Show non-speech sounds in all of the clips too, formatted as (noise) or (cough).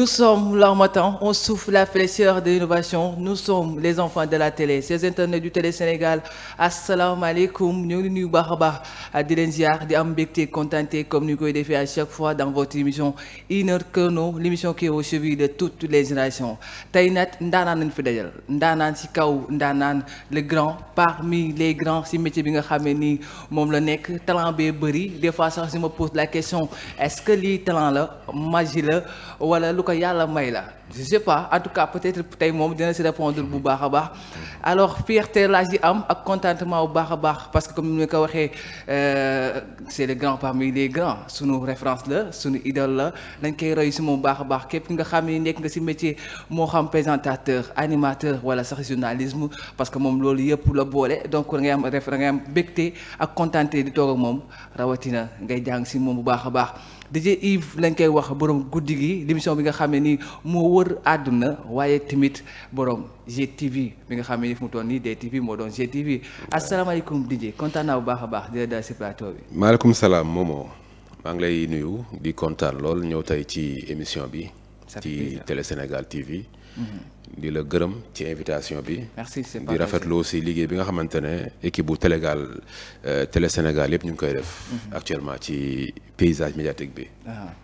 Nous sommes l'harmattan, on souffle la fraîcheur de l'innovation. Nous sommes les enfants de la télé. Ces internet du Télé Sénégal asalaamaaleykum ñu ngi nuyu baax a baax di leen ziar di am mbégte contenté comme ni koy defee à chaque fois dans votre émission une heure chrono l'émission qui est au chevet de toutes les générations. tey nag ndaanaan lañ fi dajal ndaanaan ci kaw ndaanaan le grand parmi les grands ci métier bi nga xam ne nii moom la nekk talent bee bëri des fois sax je me pose la question est que lii la magie la ko yàlla may la je sais pas en tout cas peut-être tey moom dina si répondre bu baax a baax alors fierté laa ci am ak contentement bu baax a baax parce que comme ni ko waxee euh, c'est le grand parmi les grands sunu référence la sunu idole la dañ koy roy si moom bu baax a baax képp nga xam ne nekk nga si métier moo xam présentateur animateur wala sax journalisme parce que moom loolu yëpp la boole donc da ngay am ref da ngay am bégte ak contenté di toog ak moom rawatina ngay jàng si moom bu baax a baax DJ Yves lañ koy wax borom guddi gi l'émission bi nga xam ne nii moo wër àdduna waaye tamit borom GTV bi nga xam ne nii fu mu toll nii DTV moo doon GTV asalaamaaleykum DJ kontaan naa bu baax a baax di la daal si plateau bi. maaleykum salaam Momo maa ngi lay nuyu di kontaan lool ñëw tey ci émission bi. ci Télé Sénégal TV. Mm-hmm. di la gërëm ci invitation bi. merci c'est di rafetlu aussi liggéey bi nga xamante ne équipe bu Télégal euh, Télé Sénégal yëpp ñu ngi koy def. Mhm. actuellement ci paysage médiatique bi. Ah.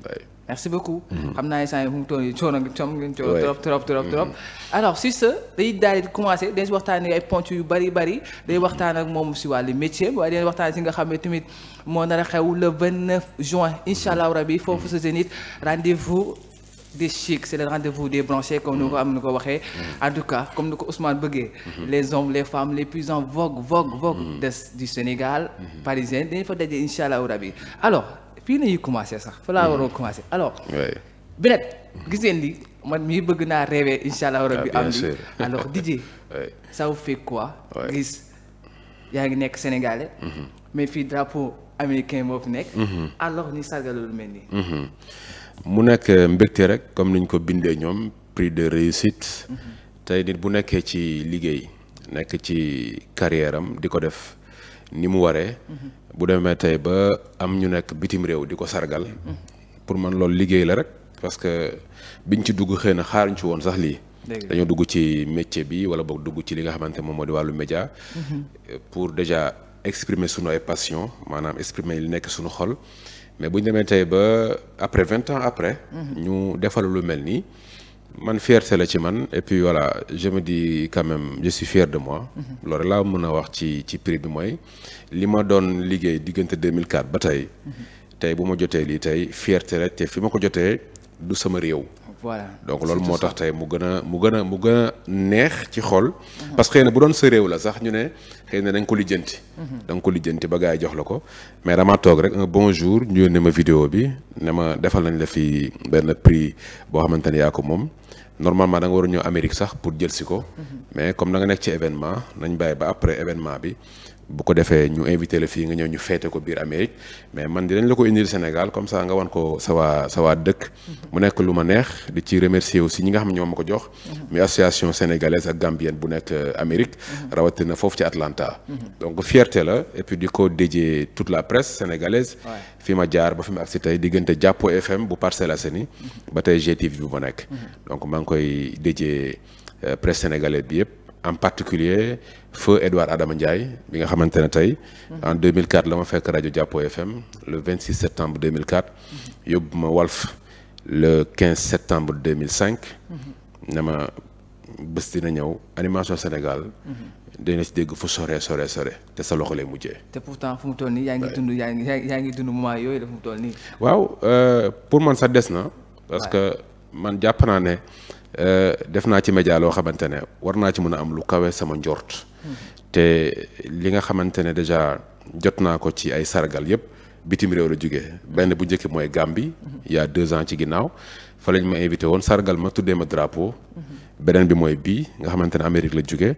merci beaucoup. Mhm. xam naa instant yii fu mu toll nii coono ngeen coono trop trop trop mhm. trop. alors sur ce day daal di commencé dañ si waxtaanee ay ponc yu bari bari day waxtaan ak moom si wàllu métier waaye dañ waxtaan si nga xam ne tamit moo nar a xew le 29 juin incha allah rabi foofu sa Zénith rendez des chics c'est le rendez-vous des branchés comme ni ko mm. am ni ko waxee mm. en tout cas comme ni ko Ousmane bëggee mm-hmm. les hommes les femmes les plus en vogue vogue vogue mm. des du Sénégal mm-hmm. parisien dañu fa dajee insha allahu rabi alors fii nañuy commencé sax fa laa mm-hmm. waroo commencé alors Binet gis ngeen li man mii bëgg naa rêver insha allahu rabi ah, am li alors (laughs) DJ ça vous fait quoi gis yaa ngi nekk sénégalais mais fii drapeau américain moo fi nekk alors ni sargal lu mel nii mu nekk mbégte rek comme niñ ko bindee ñoom prix de réussite. tey nit bu nekkee ci liggéey nekk ci carrière di ko def ni mu waree. bu demee tey ba am ñu nekk bitim réew di ko sargal. pour man loolu liggéey la rek parce que biñ ci dugg xëy na xaaruñ ci woon sax lii. dañoo dugg ci métier bi wala boog dugg ci li nga xamante moom moo di wàllu média. Mhm. pour déjà exprimer sunu ay passion maanaam exprimer li nekk sunu xol. mais bu ñu demee tey ba après vingt ans après. ñu defal lu mel nii man fierté la ci man et puis voilà je di dis quand même je suis fier de mois loolu laa mën a wax ci ci prix bi mooy li ma doon liggéey diggante deux mille 2004 ba tey. tey bu ma jotee lii tey fierté la te fi ma ko jotee du sama réew. voilà donc loolu moo tax tey mu gën a mu gën a mu gën neex ci xol. parce que xëy bu doon sa réew la sax ñu ne. xëy na dañ ko lijjanti. da nga ko lijjanti ba gars yi jox la ko. mais dama toog rek un bon jour ñu ma vidéo bi ne ma defal nañ la fi benn prix boo xamante ne yaa ko moom normalement da nga war a Amérique sax pour jël si ko. Mhm. mais comme da nga nekk ci événement nañ bàyyi ba après événement bi. bu ko defee ñu invité la fii nga ñëw ñu feete ko biir Amérique mais man dinañ la ko indil Sénégal comme ça nga wan ko sa sawaa dëkk. mu nekk lu ma neex di ci remercier aussi ñi nga xam ñoo ma ko jox. mi association sénégalaise ak gambienne bu nekk euh, Amérique. rawatina foofu ci Atlanta. donc fierté la et puis di ko déjee tout la presse sénégalaise. fi ma jaar ba fi ma agsi tey diggante Jàppo FM bu Parcelles seni ba tey GTV bu nekk. Mm-hmm. donc maa ngi koy déjee euh, presse sénégalaise bi yëpp. en particulier feu Edouard Adama Ndiaye bi nga xamante ne tey mhm. en 2004 la ma fekk rajo Jàppo FM le 26 septembre 2004 mhm. yóbbu ma Walf le 15 septembre 2005 mhm. ne ma bés dina ñëw animation Sénégal dina ci dégg fu sore sore sore te sa loxo lay mujjee. te pourtant fu mu toll nii yaa ngi dund yaa ngi yaa ngi dund moment yooyu la fu mu toll nii. waaw euh, pour man sax des na. parce que man jàpp naa ne. Euh, def naa ci média loo xamante ne war naa ci mën a am lu kawe sama njort. te li nga xamante ne déjà jot naa ko ci ay sargal yëpp bitim réew la jóge benn bu njëkk mooy Gambie. il y a deux ans ci ginnaaw fa lañ ma invité woon sargal ma tuddee ma drapeau. beneen bi mooy bii nga xamante ne Amérique la jóge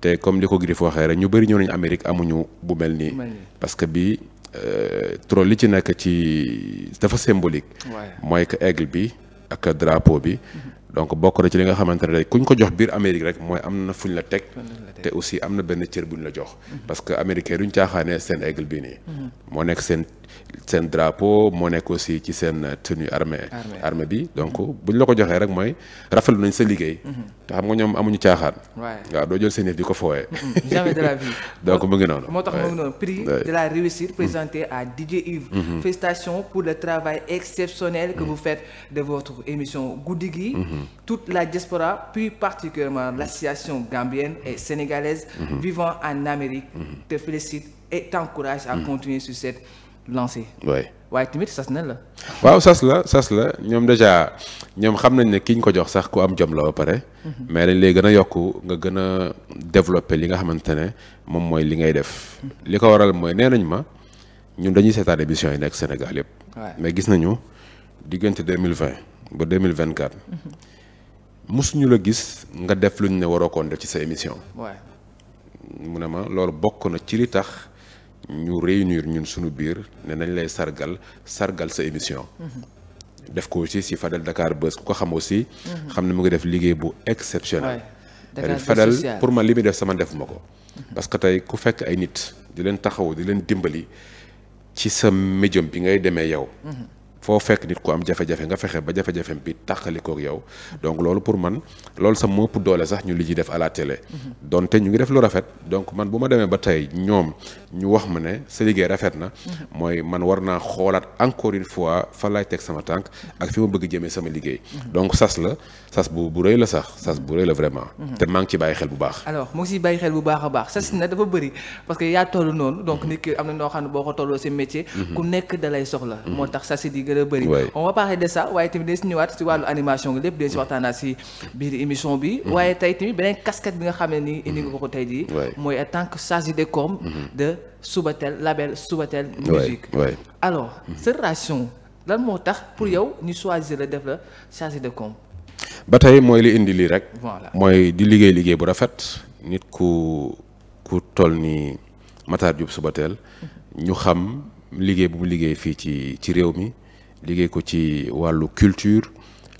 te comme li ko Griff waxee rek ñu bëri ñëw nañu Amérique amuñu bu mel nii. parce que bii euh, trop li ci nekk ci dafa symbolique. mooy que aigle bi ak drapeau bi. Mhm. donc bokk na ci li nga xamante ne kuñ ko jox biir Amérique rek mooy am na fu ñu la teg te aussi am na benn cër bu ñu la jox mhm. parce que américain duñ caaxaanee seen aigle bii nii mhm. moo nekk seen seen drapeau moo nekk aussi ci seen tenue armée armée bi donc bu ñu la ko joxee rek mooy rafetlu nañ sa liggéey mhm. te xam nga ñoom amuñu caaxaan waaw doo jël seen yëf di ko fooyee mhm. jamais de la (laughs) donc mu ngi noonu moo tax mu ngi noonu prix de la réussite présenté mhm. à DJ Yves félicitations pour le travail exceptionnel que vous faites de votre émission Guddi gi toute la diaspora plus particulièrement l'association gambienne et sénégalaise vivant en Amérique te félicite et t'encourage à continuer sur cette lancé. oui waaye tamit sas na la. waaw sas la sas la ñoom déjà ñoom xam nañ ne ki ñu ko jox sax ku am jom la ba pare. Mhm. mais dañ lay gën a yokk nga gën a développer li nga xamante ne moom mooy li ngay def. Mhm. li ko waral mooy nee nañ ma ñun dañuy seetaan émission yi nekk Sénégal yëpp. mais gis nañu diggante deux mille vingt ba deux mille vingt quatre. musuñu mhm. la gis nga def luñ ne waroo koon def ci sa émission. mu ne ma loolu bokk na ci li tax. ñu réunir ñun suñu biir ne nañ lay sargal sargal sa émission. Mm-hmm. def ko aussi si Fadel Dakar Buzz ku ko xam aussi. Mm-hmm. xam ne mu ngi def liggéey bu exceptionnel. Fadel pour man li muy def sama defuma ko. Mm-hmm. parce que tey ku fekk ay nit di leen taxaw di leen dimbali ci sa médium bi ngay demee yow. foo fekk nit ku am jafe-jafe nga fexe ba jafe-jafe bi tàqalikook yow donc loolu pour man loolu sax moo doole sax ñu li ji def à la télé donte ñu ngi def lu rafet donc man bu ma demee ba tey ñoom ñu wax ma ne sa liggéey rafet na mooy man war naa xoolaat encore une fois fa laay teg sama tànk ak fi ma bëgg jëmee sama liggéey donc sas la sas bu bu rëy la sax sas bu rëy la vraiment te maa ngi ci bàyyi xel bu baax a baax sas na dafa bëri parce que yaa toll ne boo ko tolloo si métier mhm. gën a bëri on va parler de ça waaye tamit dañ si ñëwaat si wàllu animation lépp dañ si waxtaanaa si biir émission bi mhm. waaye tey tamit beneen casquette bi nga xam ne ni indi nga mhm. ko tey jii mooy en tant que chargé de com mhm. de Subatel label Subatel musique alors sa lan moo tax pour yow ñu choisir la def la chargé de com ba tey mooy li indi lii rek mooy di liggéey liggéey bu rafet nit ku ku toll ni Matar Diop Subatel ñu xam liggéey bu mu liggéey fii ci ci réew mi liggéey ko ci wàllu culture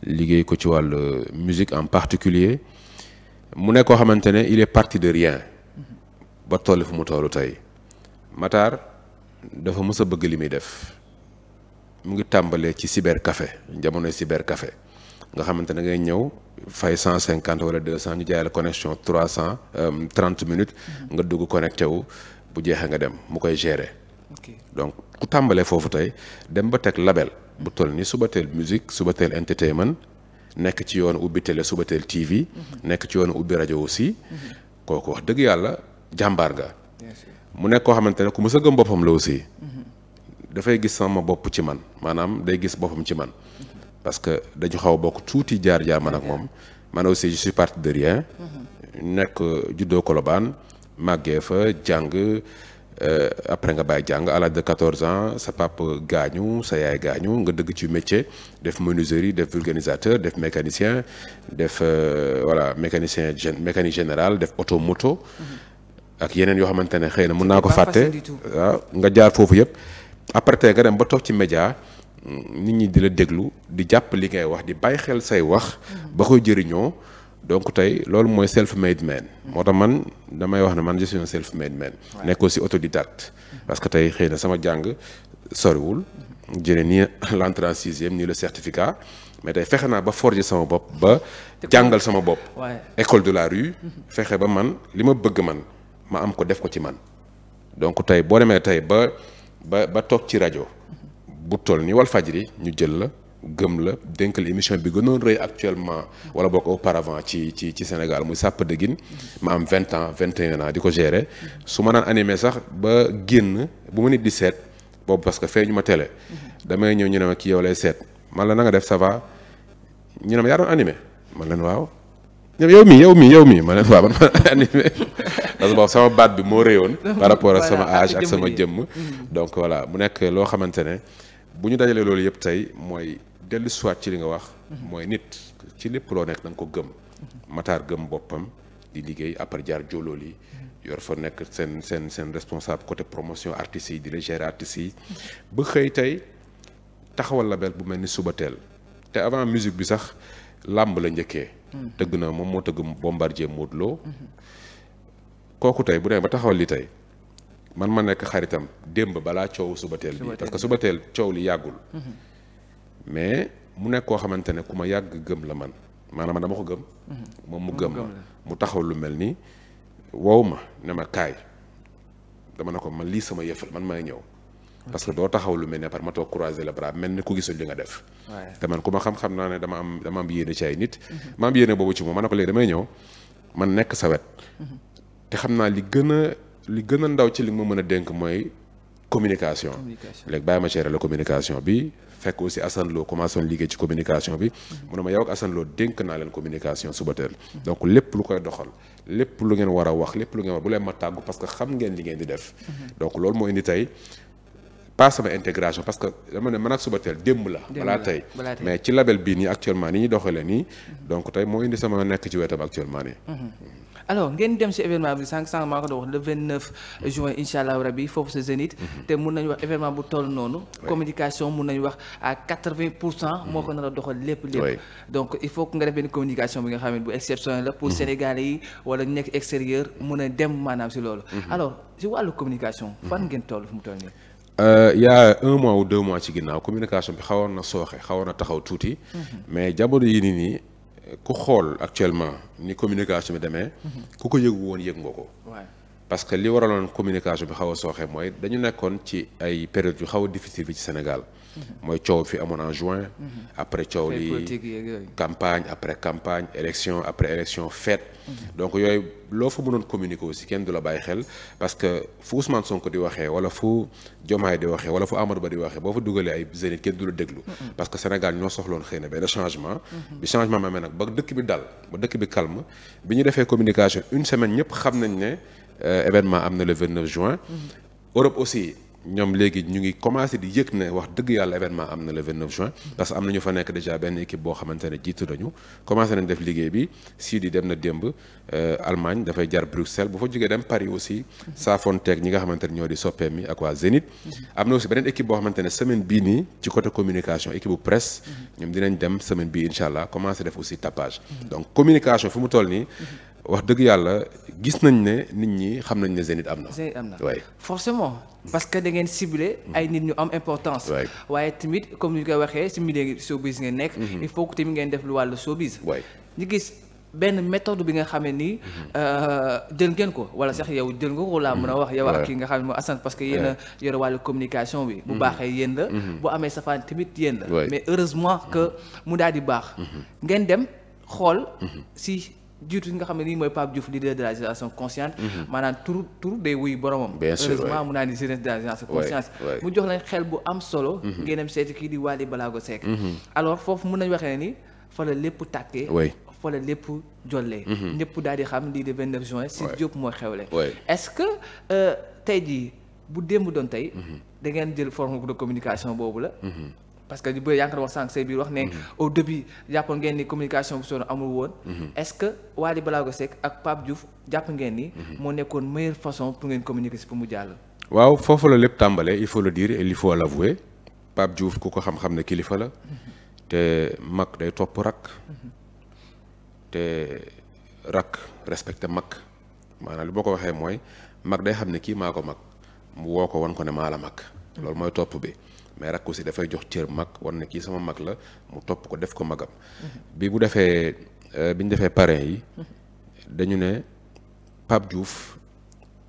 liggéey ko ci wàllu musique en particulier mu nekk koo xamante ne il est parti de rien ba toll fu mu tollu tey Matar dafa mës a bëgg li muy def mu ngi tàmbalee ci cybercafé jamonoy cybercafé nga xamante ne ngay ñëw fay cent cinquante wala deux cent ñu jaay la connexion cent euh, trente minutes nga dugg connecté wu bu jeexee nga dem mu koy gere donc ku tàmbalee foofu tey dem ba teg label bu toll ni Subatel musique Subatel entertainment nekk ci yoonu ubbi télé Subatel TV. Mhm. nekk ci yoonu ubbi rajo aussi. Mhm. kooku wax dëgg yàlla jàmbaar nga. mu nekk koo xamante ne ku mës a gëm boppam la aussi. Mhm. dafay gis sama bopp ci man maanaam day gis boppam ci man. parce que dañu xaw a bokk tuuti jaar jaar man ak moom man aussi je suis parti de rien. nekk juddoo Colobane màggee fa jàng. Euh, après nga bàyyi jàng à l'âge de 14 ans sa pap gaañu sa yaay gaañu nga dëgg ci métier def menuiserie def vulcanisateur def mécanicien def euh, voilà mécanicien mécanique générale def auto moto. ak yeneen yoo xamante ne xëy na mun naa ko fàtte waaw nga jaar foofu yëpp après tey nga dem ba toog ci média nit ñi di la déglu di jàpp li ngay wax di bàyyi xel say wax ba koy jëriñoo donc tey loolu mooy self made man moo tax man damay wax ne man je suis un self made man nekk aussi autodidacte parce que tey xëy na sama jàng soriwul jëlee nii (laughs) l'entrée en sixième nii le certificat mais tey fexe naa ba forger sama bopp ba jàngal sama bopp école de la rue mhm. fexe ba man li ma bëgg man ma am ko def ko ci man donc tey boo demee tey ba ba ba toog ci rajo mhm. bu toll ni Walfadjri ñu jël la gëm la dénk la émission bi gënoon rëy actuellement wala boo ko auparavant ci ci ci Sénégal muy sàpp dëggin ma am vingt ans vingt et un di ko gérer su ma naan animé sax ba génn bu ma nit di seet boobu parce que fee ñu ma télé damay ñëw ñu ne ma ki yow lay seet man la nanga def ça va ñu ne ma yaa doon animé man leen waaw ñoom yow mii yow mii yow mii ma ne waaw man ma (laughs) animé parce que boobu sama baat bi moo réyoon (laughs) par rapport ak sama âge ak sama jëmm mm-hmm. donc voilà mu nekk loo xamante ne bu ñu dajalee loolu yëpp tey mooy dellu soit ci li nga wax mooy nit ci lépp loo nekk danga ko gëm mataar gëm boppam di liggéey après jaar joolool yi yor fa nekk seen seen seen responsable côté promotion artistes yi di la gérer artistes yi ba xëy tey taxawal label bu mel ni suba teel te avant musique bi sax làmb la njëkkee tëgg na moom moo tëgg Bombardier Modou Lo kooku tey bu demee ba taxawal li tey man ma nekk xaritam démb balaa coow suba Subatel bi parce suba teel coow li yàggul mais mu nekk koo xamante ne ku ma yàgg gëm la man maanaam dama ko gëm. Mhm. moom mu gëm ma mu taxaw lu mel nii wow ma ne ma kaay dama ne ko man lii sama yëfal man may ñëw. parce que doo taxaw lu mel ne par ma toog croiser le bras mel ni ku gisul li nga def. te man ku ma xam-xam naa ne dama am dama am yéene ci ay nit. Mhm. ma am yéene boobu ci moom ma a ko léegi damay ñëw man nekk sa wet. Mhm. te xam naa li gën a li gën a ndaw ci li ma mën a dénk mooy communication léegi bàyyi ma gérer la communication bi fekk aussi Assane Lo liggéey ci communication bi mu ne ma yow ak dénk naa leen communication suba teel donc lépp lu koy doxal lépp lu ngeen war a wax lépp lu ngeen war bu leen ma tàggu parce que xam ngeen li ngeen di def mhm. donc loolu moo indi tey pas sama intégration parce que dama ne man ak suba teel démb la balaa tey mais ci label bii nii actuellement ni ñu doxalee nii mhm. donc tey moo indi nekk ci wetam actuellement nii mhm. alors ngeen dem si événement bi sànq sànq maa ko doon wax le 29 juin incha allah rabi foofu sa Zénith. Mhm. te mun nañu wax événement bu toll noonu. communication mun nañu wax à 80 pour cent. moo ko mhm. nar a doxal lépp lépp. donc il faut que nga def benn communication bi nga xam bu exceptionnel la pour mhm. Sénégalais yi wala ñu nekk extérieur mun a dem maanaam si loolu. alors si wàllu communication. fan ngeen toll fu mu toll nii. il euh, y a un mois ou deux mois ci ginnaaw communication bi xawoon na sooxe xawoon na taxaw tuuti. ku xool actuellement ni communication bi demee. ku ko yëgu woon yëg nga ko. parce que li waraloon communication bi xaw a sooxe mooy dañu nekkoon ci ay période yu xaw a difficile bi ci Sénégal mhm. mooy coow fi amoon en juin mhm. après coow li campagne après campagne élection après élection fet mhm. donc yooyu loo fa mënoon communiquer aussi kenn du la bàyyi xel parce que fu Ousmane Sonko di waxee wala fu Diomaye di waxee wala fu Amadou Ba di waxee boo fa dugalee ay zénith kenn du la déglu parce que Sénégal ñoo soxloon xëy na benn changement bi changement ma amee nag ba dëkk bi dal ba dëkk communication une semaine ñëpp xam nañ ne Euh, événement am na le 29 juin. Mm-hmm. Europe aussi ñoom léegi ñu ngi commencé di yëg na wax dëgg yàlla événement am na le 29 juin. Mm-hmm. parce que am na ñu fa nekk déjà benn équipe boo xamante ne jiitu nañu commencé nañ def liggéey bi sii di dem na démb euh, Allemagne dafay jar Bruxelles bu fa jógee dem Paris aussi. Mm-hmm. Saafonteeg ñi nga xamante ne ñoo di soppeem mi ak waa Zénith. am na aussi beneen équipe boo xamante ne semaine bii nii ci côté communication équipe bu presse. ñoom dinañ dem semaine bii commencé def aussi tapage. donc communication fu mu nii. wax dëgg yàlla gis nañ ne nit ñi xam nañ ne Zénith am na. Zénith am na forcément. parce que da ngeen ciblé ay nit ñu am importance. waaye tamit comme ni koy waxee si milieu showbiz ngeen nekk. Mhm. il faut que tamit ngeen def lu wàllu showbiz. ñu gis benn méthode bi nga xamee ne nii mhm. euh, jël ngeen ko wala sax yow jël nga ko laa mën a wax mhm. yow ak ki nga xam ne mooy Assane parce que yéen yore wàllu communication bi. bu baaxee yéen la. bu amee safaan tamit yéen la. mais heureusement que mu daal di baax. ngeen dem xool jiitu nga xam ne nii mooy Pape Diouf leader de la génération consciente. Mm-hmm. maanaam tur tur day wuy boromam. bien sûr heureusement mu naan di génération consciente. mu jox lañ xel bu am solo. Mm-hmm. ngeen dem seeti kii di Wally Balago Seck. Mm-hmm. alors foofu mun nañu waxee ne ni fa la lépp tàkkee. fa la lépp jollee. ñëpp daal di xam lii de 29 juin. si Diop mooy xewle. est-ce que euh, tey ji bu démb doon tey. da ngeen jël forme de communication boobu la. parce que ñu bëri yaa ngi wax sànq say biir wax ne. Mhm. au début jàppoon ngeen ni communication bu sonn amul woon. Mhm. est-ce que Wally Ballago Seck ak Pape Diouf jàpp ngeen ni. Mhm. moo nekkoon meilleure façon pour ngeen communiquer si pour mu jàll. waaw foofu la lépp tàmbalee il faut le dire et il faut l'avouer Pape Diouf ku ko xam-xam ne kilifa la. te mag day topp rakk. te rakk respecté mag maanaam li boo ko waxee mooy mag day xam ne kii maa ko mag mu woo ko wan ko ne maa la mag. mooy topp bi. mais rakk aussi dafay jox cër mag war na kii sama mag la mu topp ko def ko magam. Mhm. bi bu defee euh, bi ñu defee pare yi. Mhm. dañu ne Pape Diouf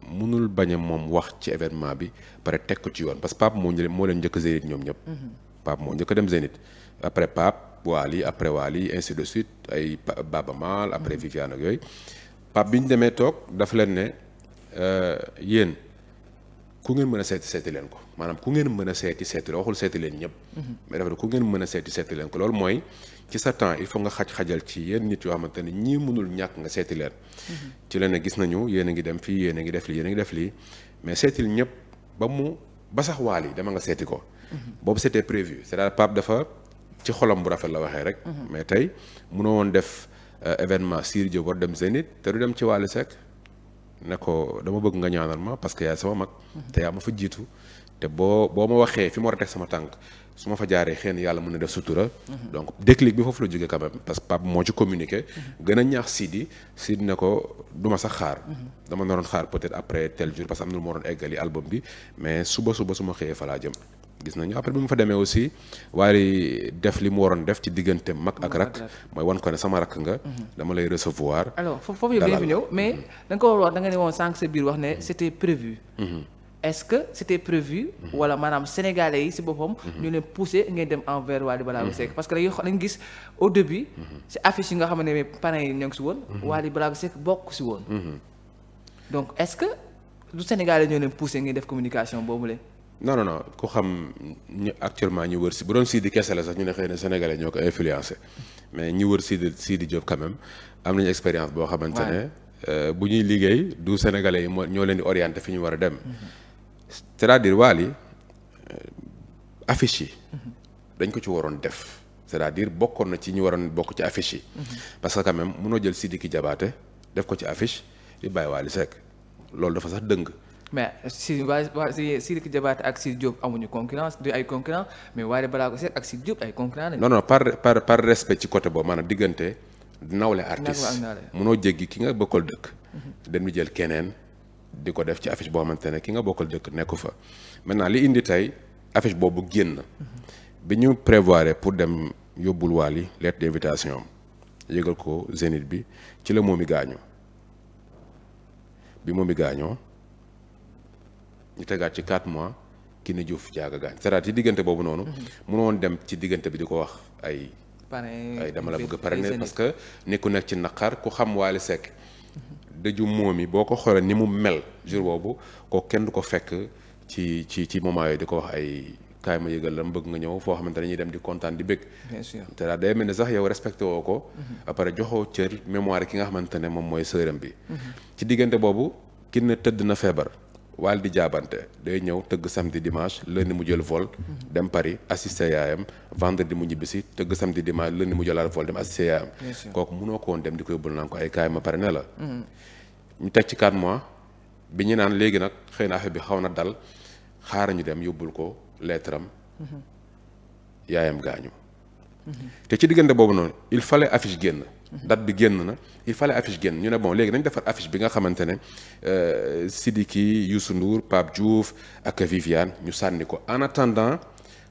mënul bañ a moom wax ci événement bi pare teg ko ci yoon parce que Pape moo ñu moo leen njëkk Zénith ñoom ñëpp. Mhm. Pape moo njëkk dem Zénith après Pape Wally après Wally ainsi de suite ay Baba Maal après Viviane ak yooyu Pape bi ñu demee toog daf leen ne euh, yéen. ku ngeen mën a seeti seeti leen ko maanaam ku ngeen mën a seeti seeti la waxul seeti leen ñëpp mhm. mais dafa ku ngeen mën a seeti seeti leen ko loolu mooy ci sa temps il faut nga xaj-xajal ci yéen nit yoo xamante ne ñii mënul ñàkk nga seeti leen mhm. ci leen gis nañu yéen a ngi dem fii yéen a ngi def lii yéen ngi def lii mais seetil ñëpp ba mu ba sax waal yi dama nga seeti ko mhm. boobu c'était prévu c'est-à-dire Pape dafa ci xolam bu rafet la waxee rek mais tey mënoo woon def euh, événement Sidy Diop war dem Zénith dem ci Wally Seck ne ko dama bëgg nga ñaanal ma parce que yaay sama mag. te yaa ma fa jiitu te boo boo ma waxee fi ma war a teg sama tànk su ma fa jaaree xëy na yàlla mën na def sutura. Mhm. donc déclic bi foofu la jógee quand même parce que Pape moo ci communiqué. Mhm. gën a ñaax Sidi Sidi ne ko du ma sax xaar. Mhm. dama naroon xaar peut-être après tel jour parce que am na lu ma waroon eggali album bi mais suba suba su ma xëyee fa laa jëm. gis nañu après bi mu fa demee aussi Wally def li mu waroon def ci diggante mag ak rak mooy wan ko ne sama rak nga mhm. dama lay recevoir alors foofu yëpp fi ñëw mais mhm. da ko war wax da nga ne woon sànq sa biir wax ne c'était prévu mhm. est-ce que c'était prévu wala maanaam sénégalais yi si boppam ñu leen poussé ngeen dem envers Wally Ballago Seck parce que dañu gis au début si affiche yi nga xam ne parents yi ñoo ngi si woon Wally Ballago Seck bokk si woon donc est-ce que du sénégalais ñoo leen poussé ngeen def communication boobu leen non non non ku xam ñu actuellement ñu wër si bu doon Sidi kese la sax ñu ne xëy na sénégalais ñoo ko influencé mais ñi wër Sidi Sidi Diop quand même am nañu expérience boo xamante ne euh, bu ñuy liggéey du sénégalais yi moo ñoo leen di orienté fi ñu war a dem mhm. c'est-à-dire Wally euh, affiche yi mhm. dañ ko ci waroon def cest à diir bokkoon na ci ñu waroon bokk ci affice yi mhm. parce que quand même mënoo jël Sidiki Diabaté def ko ci affiche di bàyyi Wally Seck loolu dafa sax dëng mais si waa waa si Sidiki Diabaté ak Sidy Diop amuñu concurrence du ay concurrent mais Wally Ballago Seck ak Sidy Diop ay concurrent lañu. non par par par respect ci côté boobu maanaam diggante nawle artiste munoo jéggi ki nga bokkal dëkk. Mhm. dañu jël keneen di ko def ci affiche boo xamante ne ki nga bokkal dëkk nekku fa maintenant li indi tey affiche boobu génn. Mhm. bi ñu prévoir pour dem yóbbul Wally lettre d'invitation yëgal ko Zénith bi ci la moom i gaañoo bi moom i gaañoo ñu tegaat ci 4 mois ki ne Diouf jaaga gaañ cest à ci diggante boobu noonu. Mhm. mu woon dem ci diggante bi di ko wax ay. ay dama la bëgg a parrainer que ni ku nekk ci naqar ku xam Waly Seck. Mhm. dëju moom yi boo ko xoolee ni mu mel jour boobu ko kenn du ko fekk ci ci ci moment yooyu di ko wax ay. kaay ma yëgal la mu bëgg nga ñëw foo xamante ne ñuy dem di kontaan di bëgg. bien te daal day mel ni sax yow respecté woo ko. Mhm. après joxoo cër mémoire ki nga xamante ne moom mooy sërëm bi. ci diggante boobu ki tëdd na feebar. waal di jaabante day ñëw tëgg samedi dimanche lundi mu jël vol dem Paris assister yaayam vendredi mu ñibbisi tëgg samedi dimanche lundi mu jëlaat vol dem assister yaayam kooku mënoo ko woon dem di ko yóbbul naan ko ay kaay a pare ne la ñu teg ci 4 mois bi ñu naan léegi nag xëy na affaire bi xaw na dal xaar ñu dem yóbbul ko lettre am mhm. yaayam gaañu te ci diggante boobu noonu il fallait affiche génn date bi génn na il fallait affiche génn ñu ne bon léegi nañ defar affiche bi nga xamante ne euh, Sidiki Youssou Ndour Pape Diouf ak Viviane ñu sànni ko en attendant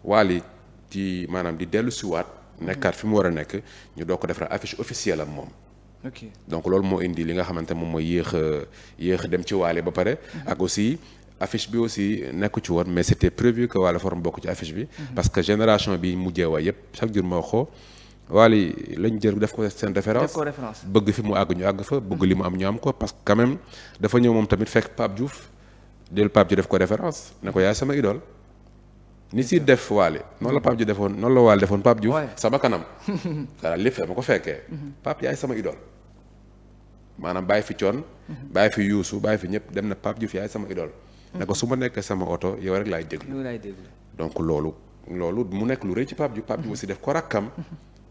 Wally ci maanaam di dellu siwaat nekkaat fi mu war a nekk ñu doo ko defar affiche officielle am moom ok donc loolu moo indi li nga xamante moom mooy yéex a dem ci Wally ba pare mhm. ak aussi affice bi aussi nekku ci woon mais c'était prévu que Wally Forum bokk ci affiche bi mhm. parce que génération bi mujjee waa yëpp chaque jour moo Wally lañ jël def ko seen référence bëgg fi mu àgg ñu àgg fa bëgg li mu am ñu am ko parce que quand même dafa ñëw moom tamit fekk Pape Diouf del Pape Diouf def ko référence ne ko yaay sama idole ni si def Wally noonu la Pape Diouf defoon noonu la Wally defoon Pape Diouf sama kanam dara (laughs) lépp ko fekkee mhm. Pape yaay sama idole maanaam bàyyi fi coon mhm. bàyyi fi yuusu bàyyi fi ñëpp dem na Pape Diouf yaay sama idole mhm. ne ko su ma nekkee sama oto yow rek laay déglu donc loolu loolu mu nekk lu rëy ci Pape Diouf Pape Diouf aussi def ko rakkam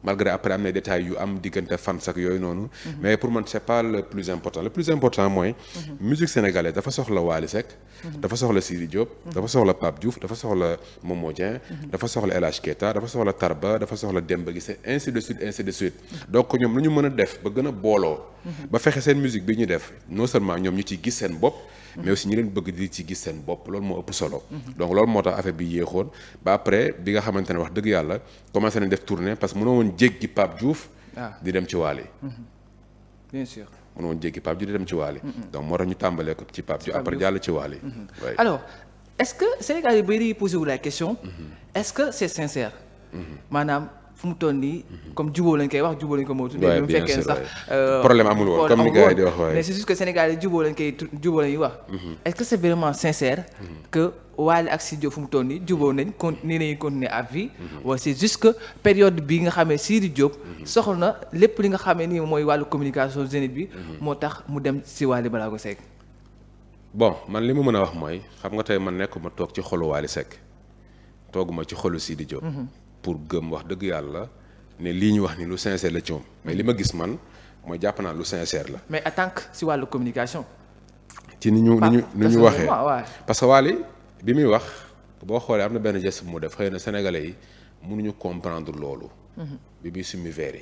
malgré après am na détails yu am diggante fans ak yooyu noonu. Mhm. mais pour man c'est pas le plus important le plus important mooy. Mhm. musique sénégalaise dafa soxla Wally Seck. Mhm. dafa soxla Sidi Diop. dafa soxla Pape Diouf dafa soxla Momo dafa soxla El Hadj Keita dafa soxla Tarba dafa soxla Demba Guissé ainsi de suite ainsi de suite donc ñoom lu ñu mën a def ba gën a booloo. ba fexe seen musique bi ñu def non seulement ñoom ñu ciy gis seen bopp. mais aussi ñi leen bëgg di ci gis seen bopp loolu moo ëpp solo donc loolu moo tax affaire bi yéexoon ba après bi nga xamante ne wax dëgg yàlla commencé nañ def tournée parce que mënoo woon jéggi Pape Diouf ah. di dem ci Waly mm-hmm. bien sûr mënoo woon jéggi Pape dem ci Waly mm-hmm. donc moo tax ñu tàmbalee ko ci Pape Diouf après jàll ci Waly mm-hmm. alors est-ce que Sénégal yi bëri posé wu la question est-ce que c'est sincère maanaam fu mu toll nii comme jubóo lañ koy wax moo tuddee euh, comme ni gars wax waaye mais c'est juste que Sénégal yi jubóo lañ koy jubóo lañuy mhm. ak Sidy Diop fu mu toll nii jubóo nañ continuer nañu continuer à vie mhm. période bi nga xamee Sidy Diop mhm. soxla na lépp li nga xamee nii mooy wàllu communication Zénith bi moo tax mu dem si Wally Ballago Seck bon man li ma mën a wax mooy xam nga tey man nekkuma toog ci xolu Wally Seck tooguma ci xolu Sidy Diop pour gëm wax dëgg yàlla ne lii ñu wax nii lu sincère la ci moom mais li ma gis man mooy jàpp naa lu sincère la. mais en tant que si wàllu ci ni ñu ñu ni ñu waxee parce que Wally bi muy wax boo xoolee am na benn geste bu mu def xëy na sénégalais mënuñu comprendre loolu. Mhm. bi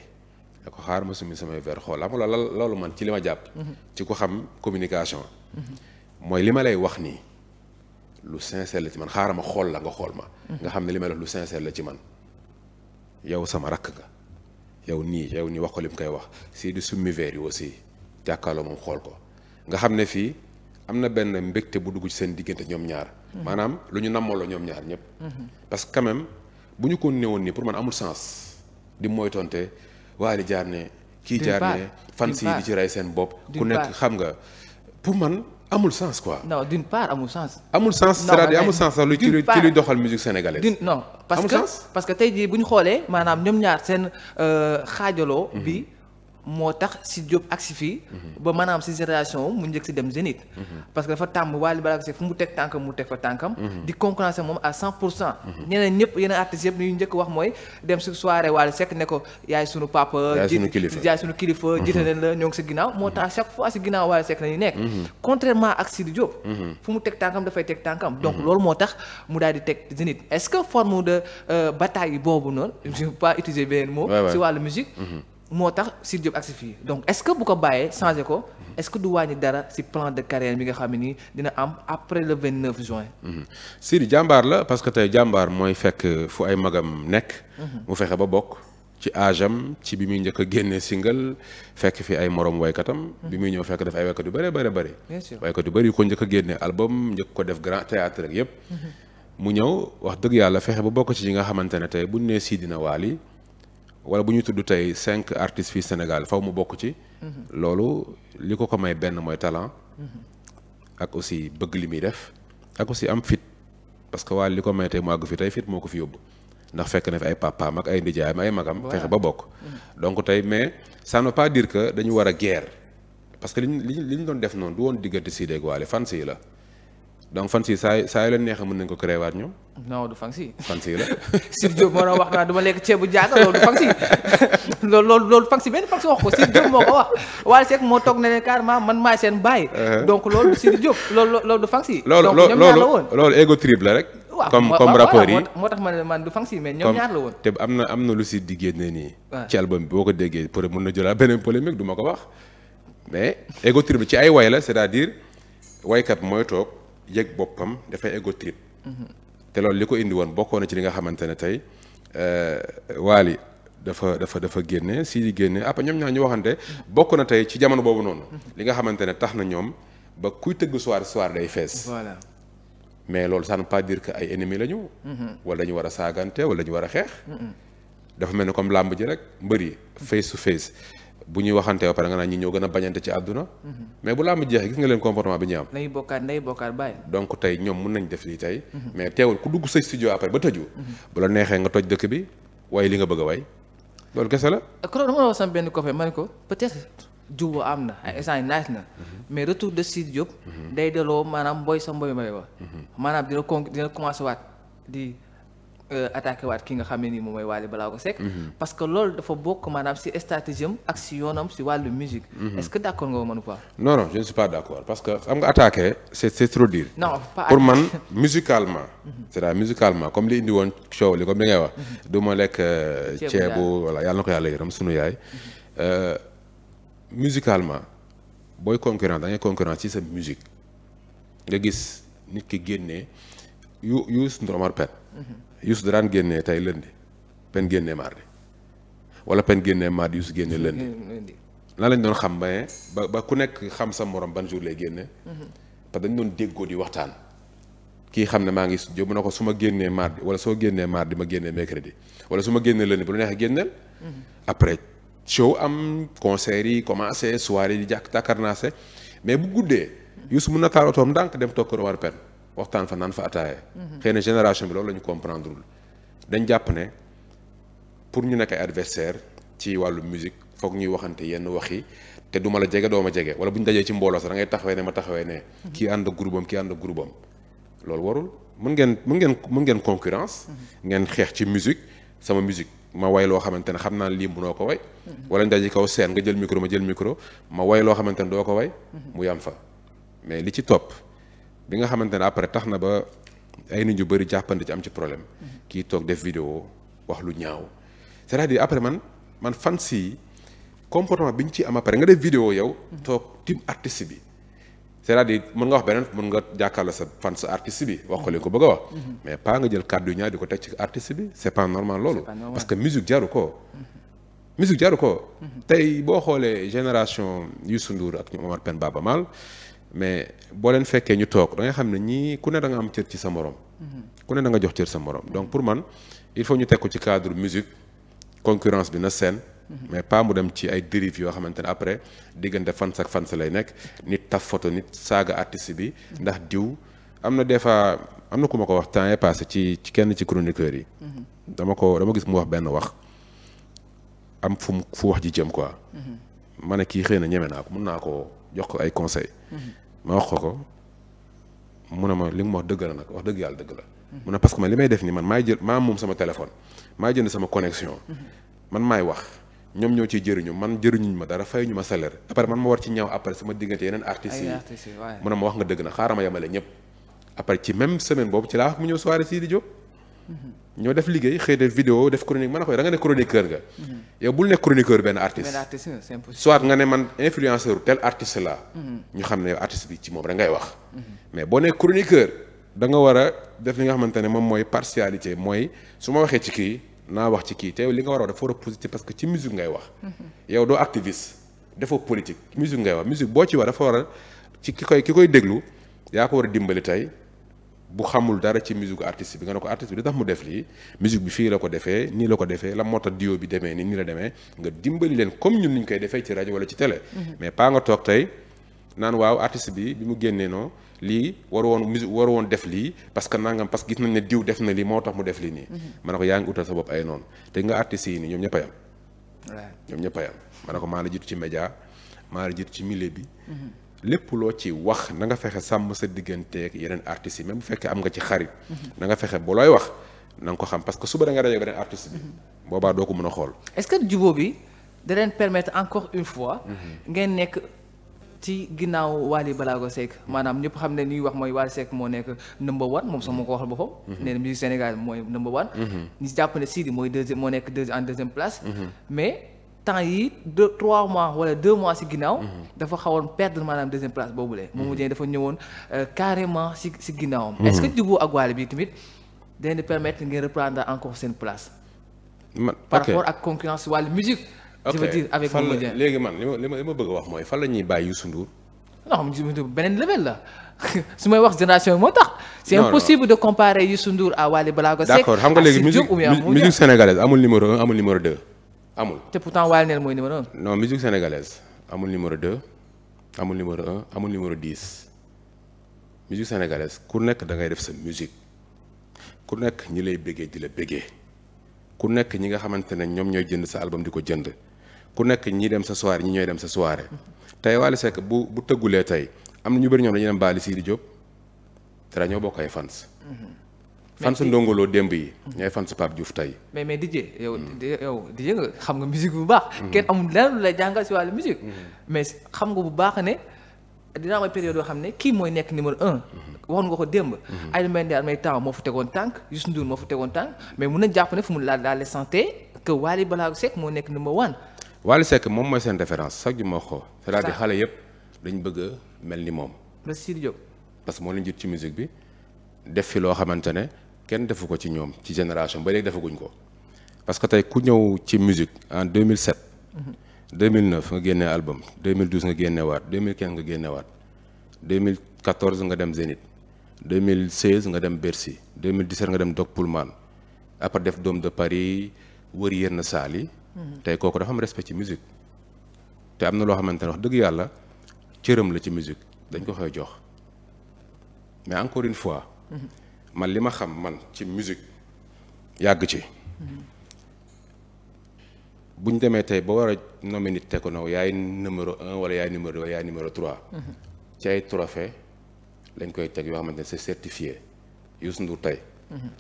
ko xaar ma summi samay verre xool xam nga loolu man ci li ma jàpp. Mhm. ci ko xam communication. Mhm. mooy li ma lay wax nii lu sincère la ci man xaaral ma xool la nga xool ma. nga xam ne li ma lay lu sincère la ci man. yow sama rakk nga yow nii yow nii wax ko li mu koy wax si di summi veer yi aussi jàkkaarloo moom xool ko nga xam ne fii am na benn mbégte bu dugg ci seen diggante ñoom ñaar. Mhm. maanaam lu ñu nammaloo ñoom ñaar ñëpp. Mhm. parce que quand bu ñu ko néewoon nii pour man amul sens di moytonte waa li jaar ne. kii jaar ne fan si di ci rey seen bopp. ku nekk xam nga pour man. amul sens quoi. non d'une part amul sens. amul sens c'est-à-dire amul sens sax lu ci ci luy doxal musique sénégalaise. d'une non parce que parce que tey jii bu ñu xoolee maanaam ñoom ñaar seen euh, xaajaloo mhm. bi. moo tax si Diop agsi fii. Mhm. ba maanaam si génération mu njëkk si dem Zénith. Mhm. parce que dafa tàmm Wally Ballago Seck fu mu teg tànkam mu teg fa tànkam. Mhm. di concurrencer moom à 100 pour cent. ñeneen ñëpp yeneen artistes njëkk wax mooy dem si soirée Wally Seck ne ko yaay sunu papa. kilifa yaay sunu kilifa jiite leen la ñoo ngi si ginnaaw moo tax chaque fois si ginnaaw Wally Seck la ñuy nekk. contrairement ak Sidi Diop. fu mu teg tànkam dafay teg tànkam. donc loolu moo tax mu daal di teg Zénith est-ce que forme de euh, bataille boobu noonu je ne vais pas utiliser beneen mot. si wàllu musique. moo tax Sidy Diop agsi fii donc est-ce que bu ko bàyyee changé ko est-ce que du wàññi dara ci plan de carrière bi nga xam ne nii dina am après le 29 juin. Mhm. Sidy jàmbaar la parce que tey jàmbaar mooy fekk fu ay magam nekk. Mhm. mu fexe ba bokk ci âge am ci bi muy njëkk a génne single fekk fi ay morom waykatam. Mhm. bi muy ñëw fekk def ay waykat yu bëree bëri bëri. waykat yu bëri yu ko njëkk a génne album njëkk ko def grand théâtre ak yëpp. mu ñëw wax dëgg yàlla fexe ba bokk ci yi nga xamante ne wala bu ñu tudd tey cinq artistes fi Sénégal faw mu bokk ci. Mhm. loolu li ko ko may benn mooy talent. Mhm. ak aussi bëgg li muy def. ak aussi am fit parce que waa li ko may tey mu àgg fi tey fit moo ko fi yóbbu ndax fekk na fi ay papaam ak ay ndijaayam ay magam. fexe ba bokk. Mhm. donc tey mais ça ne veut pas dañu war a guerre parce que liñ li ñu doon def noonu du woon diggante Sidy ak Wally fan yi la. donc fan si saa saa yu leen neexee mën nañu ko créé waat ñoom. non du fan si. la. (laughs) Sir Diop moo doon wax naa du ma lekk ceebu jaaga loolu du fan (laughs) loolu loolu loolu fan si benn fan si wax ko moo toog ne leen man maay seen baay. Uh-huh. donc loolu Sir Diop loolu loolu si. donc ñoom ñaar la woon loolu ego trip la rek. comme comme rapport moo tax ma ne man fan si mais la woon. te am na am na lu si diggéen ne nii. ci album bi boo ko déggee pour mën na jëlaat beneen polémique du ma ko wax mais ego trip ci ay way la c'est-à-dire waykat mooy toog yëg boppam dafay ego trip te loolu li ko indi woon bokkoon na ci li nga xamante ne tey euh, Wally dafa dafa dafa génne Sidy génne après ñoom ñaar ñu waxante bokk na tey ci jamono boobu noonu. li nga xamante ne tax na ñoom ba kuy tëgg soir soir day fees. voilà mais loolu ça ne veut pas dire que ay ennemis la ñu. Mm-hmm. wala dañu war a saagante wala dañu war a xeex. Mm-hmm. dafa mel ni comme làmb ji rek mbëri face to face. bu ñuy waxantee ba pare nga naan ñi ñoo gën a bañante ci àdduna mhm. mais bu làmb jeexee gis nga leen comportement bi ñu am lay bokkaat nday bokkaat bàyyi donc tey ñoom mun nañ def lii tey mhm. mais teewul ku dugg sa studio après ba tëju mhm. bu la neexee nga toj dëkk bi waaye li nga bëgg a way loolu kese la koro ma ne ko peut wa maanaam waat di Euh, attaqué waat ki nga xam ne nii moom mooy Wally Ballago Seck mhm. parce que loolu dafa bokk maanaam si stratégie am si wàllu musique mhm. est que d'accord nga man ou pas non non je ne suis pas d'accord parce que xam nga attaqué pour man (laughs) mhm. musicalement comme li indi woon coow li ko li ngay wax du ma lekk euh, ceebu voilà yàlla na ko yàlla yërëm sunu yaay euh, musicalement booy concurrence da ngay concurrence ci sa musique nga gis nit ki génnee yu yu Youssou Youssou da daan génnee tey lundi pen génnee mardi wala pen génnee mardi Youssou génne lundi. lan lañ doon xam ba ba ku nekk xam sa morom ban jour lay génne. parce mhm. que dañ doon déggoo di waxtaan. kii xam ne maa ngi studio mu ne ko su ma génnee mardi wala soo génnee di ma génne mercredi wala su ma génnee lundi bu la neexee génneel. Mhm. après show am concert yi commencé soirée yi di jàkk tàkkarnaase mais bu guddee. Mhm. Youssou mun na taal otoom ndànk dem toog kër Omar waxtaan fa naan fa ataaya. xëy na génération bi loolu la ñu dañ jàpp ne pour ñu nekk ay adversaire ci wàllu musique foog ñuy waxante yenn wax yi te du ma la jege doo ma jege wala bu ñu dajee ci mbooloo sax da taxawee ne ma taxawee ne. kii ànd ak groupe am kii ànd ak mën ngeen mën ngeen mën ngeen concurrence. ngeen xeex ci musique sama musique ma way loo xamante ne xam naa lii munoo ko way. wala ñu daje kaw seen nga jël micro ma jël micro ma way loo xamante ne doo ko way. mu yam fa mais li ci topp. bi nga xamante ne après tax na ba ay nit ñu bëri jàppandi ci am ci problème kii toog def vidéo wax lu ñaaw c'est-à-dire après man man fan si comportement bi ñu ci am après nga def vidéo yow toog tim artiste bi c'est-à-dire mën nga wax beneen mën nga jàkkaarloo sa fan sa artiste bi wax ko li ko bëgg wax mais pas nga jël kàddu ñaar di ko teg ci artist bi c'est pas normal loolu parce que musique jaru ko musique jaru ko mhm. tey boo xoolee génération Youssou Ndour ak ñu Omar Pène mais boo leen fekkee ñu toog da xam ne ñii ku ne danga am cër ci sa morom. Mhm. ku ne da jox cër sa morom donc pour man il faut ñu teg ko ci cadre musique concurrence bi na seen. Mhm. mais pas mu dem ci ay dérives yoo xamante ne après diggante fans ak fans lay nekk nit taf photo nit saaga artiste bi mhm. ndax diw am na des fois am na ku ma ko wax temps yii passé ci ci kenn ci chroniqueurs yi. dama ko dama gis mu wax benn wax am fu mu fu wax ji jëm quoi. ma kii xëy na ñeme naa ko mun naa koo jox ko ay conseils. ma wax ko ko mu ne ma li mu wax dëgg la nag wax dëgg yàlla dëgg la. mu ne parce que li may def nii man maay jël maa moom sama téléphone maay jënd sama connexion. man maay wax ñoom ñoo ciy jëriñu man jëriñuñ ma dara ñu ma salaire après man ma war ci ñaaw après sama diggante yeneen artistes yi mu a ma wax nga dëgg na xaaral ma yemale ñëpp après ci même semaine boobu ci laa wax mu ñëw soirée Sidi ñoo def liggéey xëy na vidéo def chronique man a koy da nga ne chroniqueur nga. Mm-hmm. yow bul ne chroniqueur benn artiste. benn soit nga ne man influenceur tel artiste la mm-hmm. ñu xam ne artiste bi ci moom rek ngay wax. Mm-hmm. mais boo nee chroniqueur da nga war a def li nga xamante ne moom mooy partialité mooy su ma waxee ci kii naa wax ci kii te li nga war a wax dafa war a positif parce que ci musique ngay wax. yow doo activiste defoo politique musique ngay wax musique boo ci wax dafa war a ci ki koy ki koy déglu yaa war a dimbali tey. bu xamul dara ci musique artiste bi nga ne ko artiste bi li tax mu def lii musique bi fii la ko defee nii la ko defee la moo tax bi demee nii nii la demee nga dimbali leen comme ñun niñ koy defee ci rajo wala ci télé. Mhm. mais pas nga toog tey naan waaw gis nañ ne diw def na lii moo tax mu def lii nii. Mhm. ma ne ko yaa ngi utal sa bopp ay noonu te nga artistes yi nii ñoom ñëpp a yam. ñoom ñëpp a yam ma ne ko maa la jiitu ci média maa la jiitu ci milieu bi. Mhm. lépp loo ci wax na nga fexe sàmm sa digganteeg yeneen artistes yi même bu fekkee am nga ci xarit. Mhm. na nga fexe bu looy wax na ko xam parce que suba da nga rajo beneen artiste bi. Mhm. boobaa doo ko mën a xool. est-ce que jubóo bi da leen permettre encore une fois. Mhm. ngeen nekk ci ginnaaw Wally Balago Seck maanaam ñëpp xam ne ñuy wax mooy Wally Seck moo nekk number one moom sax moo ko waxal boppam. nee na musique Sénégal mooy number one. ñu jàpp ne Sidi mooy deuxième moo nekk deuxième en deuxième temps yi deux trois mois wala deux mois ci ginnaaw. Mhm. dafa xawoon perdre maanaam deuxième place boobule. Momo mhm. Dieng dafa ñëwoon euh, carrément si si ginnaawam. Mhm. est-ce que jubóo ak waale bi tamit de permettre ngeen reprendre encore seen place. man par rapport ak concurrence wàllu musique. je veux dire avec Momo man li ma li wax mooy fan la ñuy bàyyi Youssou Ndour. non beneen level la (laughs) su may wax génération moo tax. c'est impossible de comparer Youssou Ndour à balaa Ballago Seck. d'accord xam nga léegi musique sénégal sénégalaise numéro un numéro deux. amul. te pourtant Waly Ner mooy numéro un. non musique sénégalaise amul numéro deux amul numéro un amul numéro dix musique sénégalaise ku nekk da ngay def sa musique ku nekk ñi lay bëggee di la bëggee ku nekk ñi nga xamante ne ñoom ñooy jënd sa album di ko jënd ku nekk ñi dem sa soirée ñi ñooy dem sa soirée tey Waly Seck bu bu tëggulee tey am na ñu bëri ñoom dañuy dem Baali Sidi Diop te dañoo bokk ay fans. Mm-hmm. fan sa ndongoloo démb yi. ñooy fan sa Pape Diouf tey. mais mais DJ yow yow DJ nga xam nga musique bu baax. Mhm. kenn amul dara lay jàngal si wàllu musique. Mhm. mais xam nga bu baax ne dina am ay période yoo xam ne kii mooy nekk numéro un. Mhm. waxoon nga ko démb. ay Mende ay temps moo fa tegoon tànk Youssou Ndour moo tegoon tànk mais mun na jàpp ne mu laal daal santé que Wally Ballago moo nekk numéro one. Wally Seck moom mooy seen référence chaque jour ma xoo. c'est-à-dire xale yëpp dañ bëgg mel ni moom. parce que moo leen jiit ci musique bi def fi loo xamante ne kenn defu ko ci ñoom ci génération ba léegi defaguñ ko parce que tey ku ñëw ci musique en 2007. 2009 nga génne album 2012 nga génne waat 2015 nga génne waat 2014 nga dem Zénith 2016 nga dem Bercy 2017 nga dem Doc Pullman après def Dôme de Paris wër yenn saal yi. Mhm. tey kooku dafa am respect ci musique te am na loo xamante ne wax dëgg yàlla cëram la ci musique dañ ko koy jox mais encore une fois. Mhm. man li ma xam man ci musique yàgg ci bu ñu demee tey ba war a nommer nit Tekno yaay numéro un wala yaay numéro deux yaay numéro trois. ci ay trophée lañ koy teg yoo xamante ne c'est certifié Youssou Ndour tey.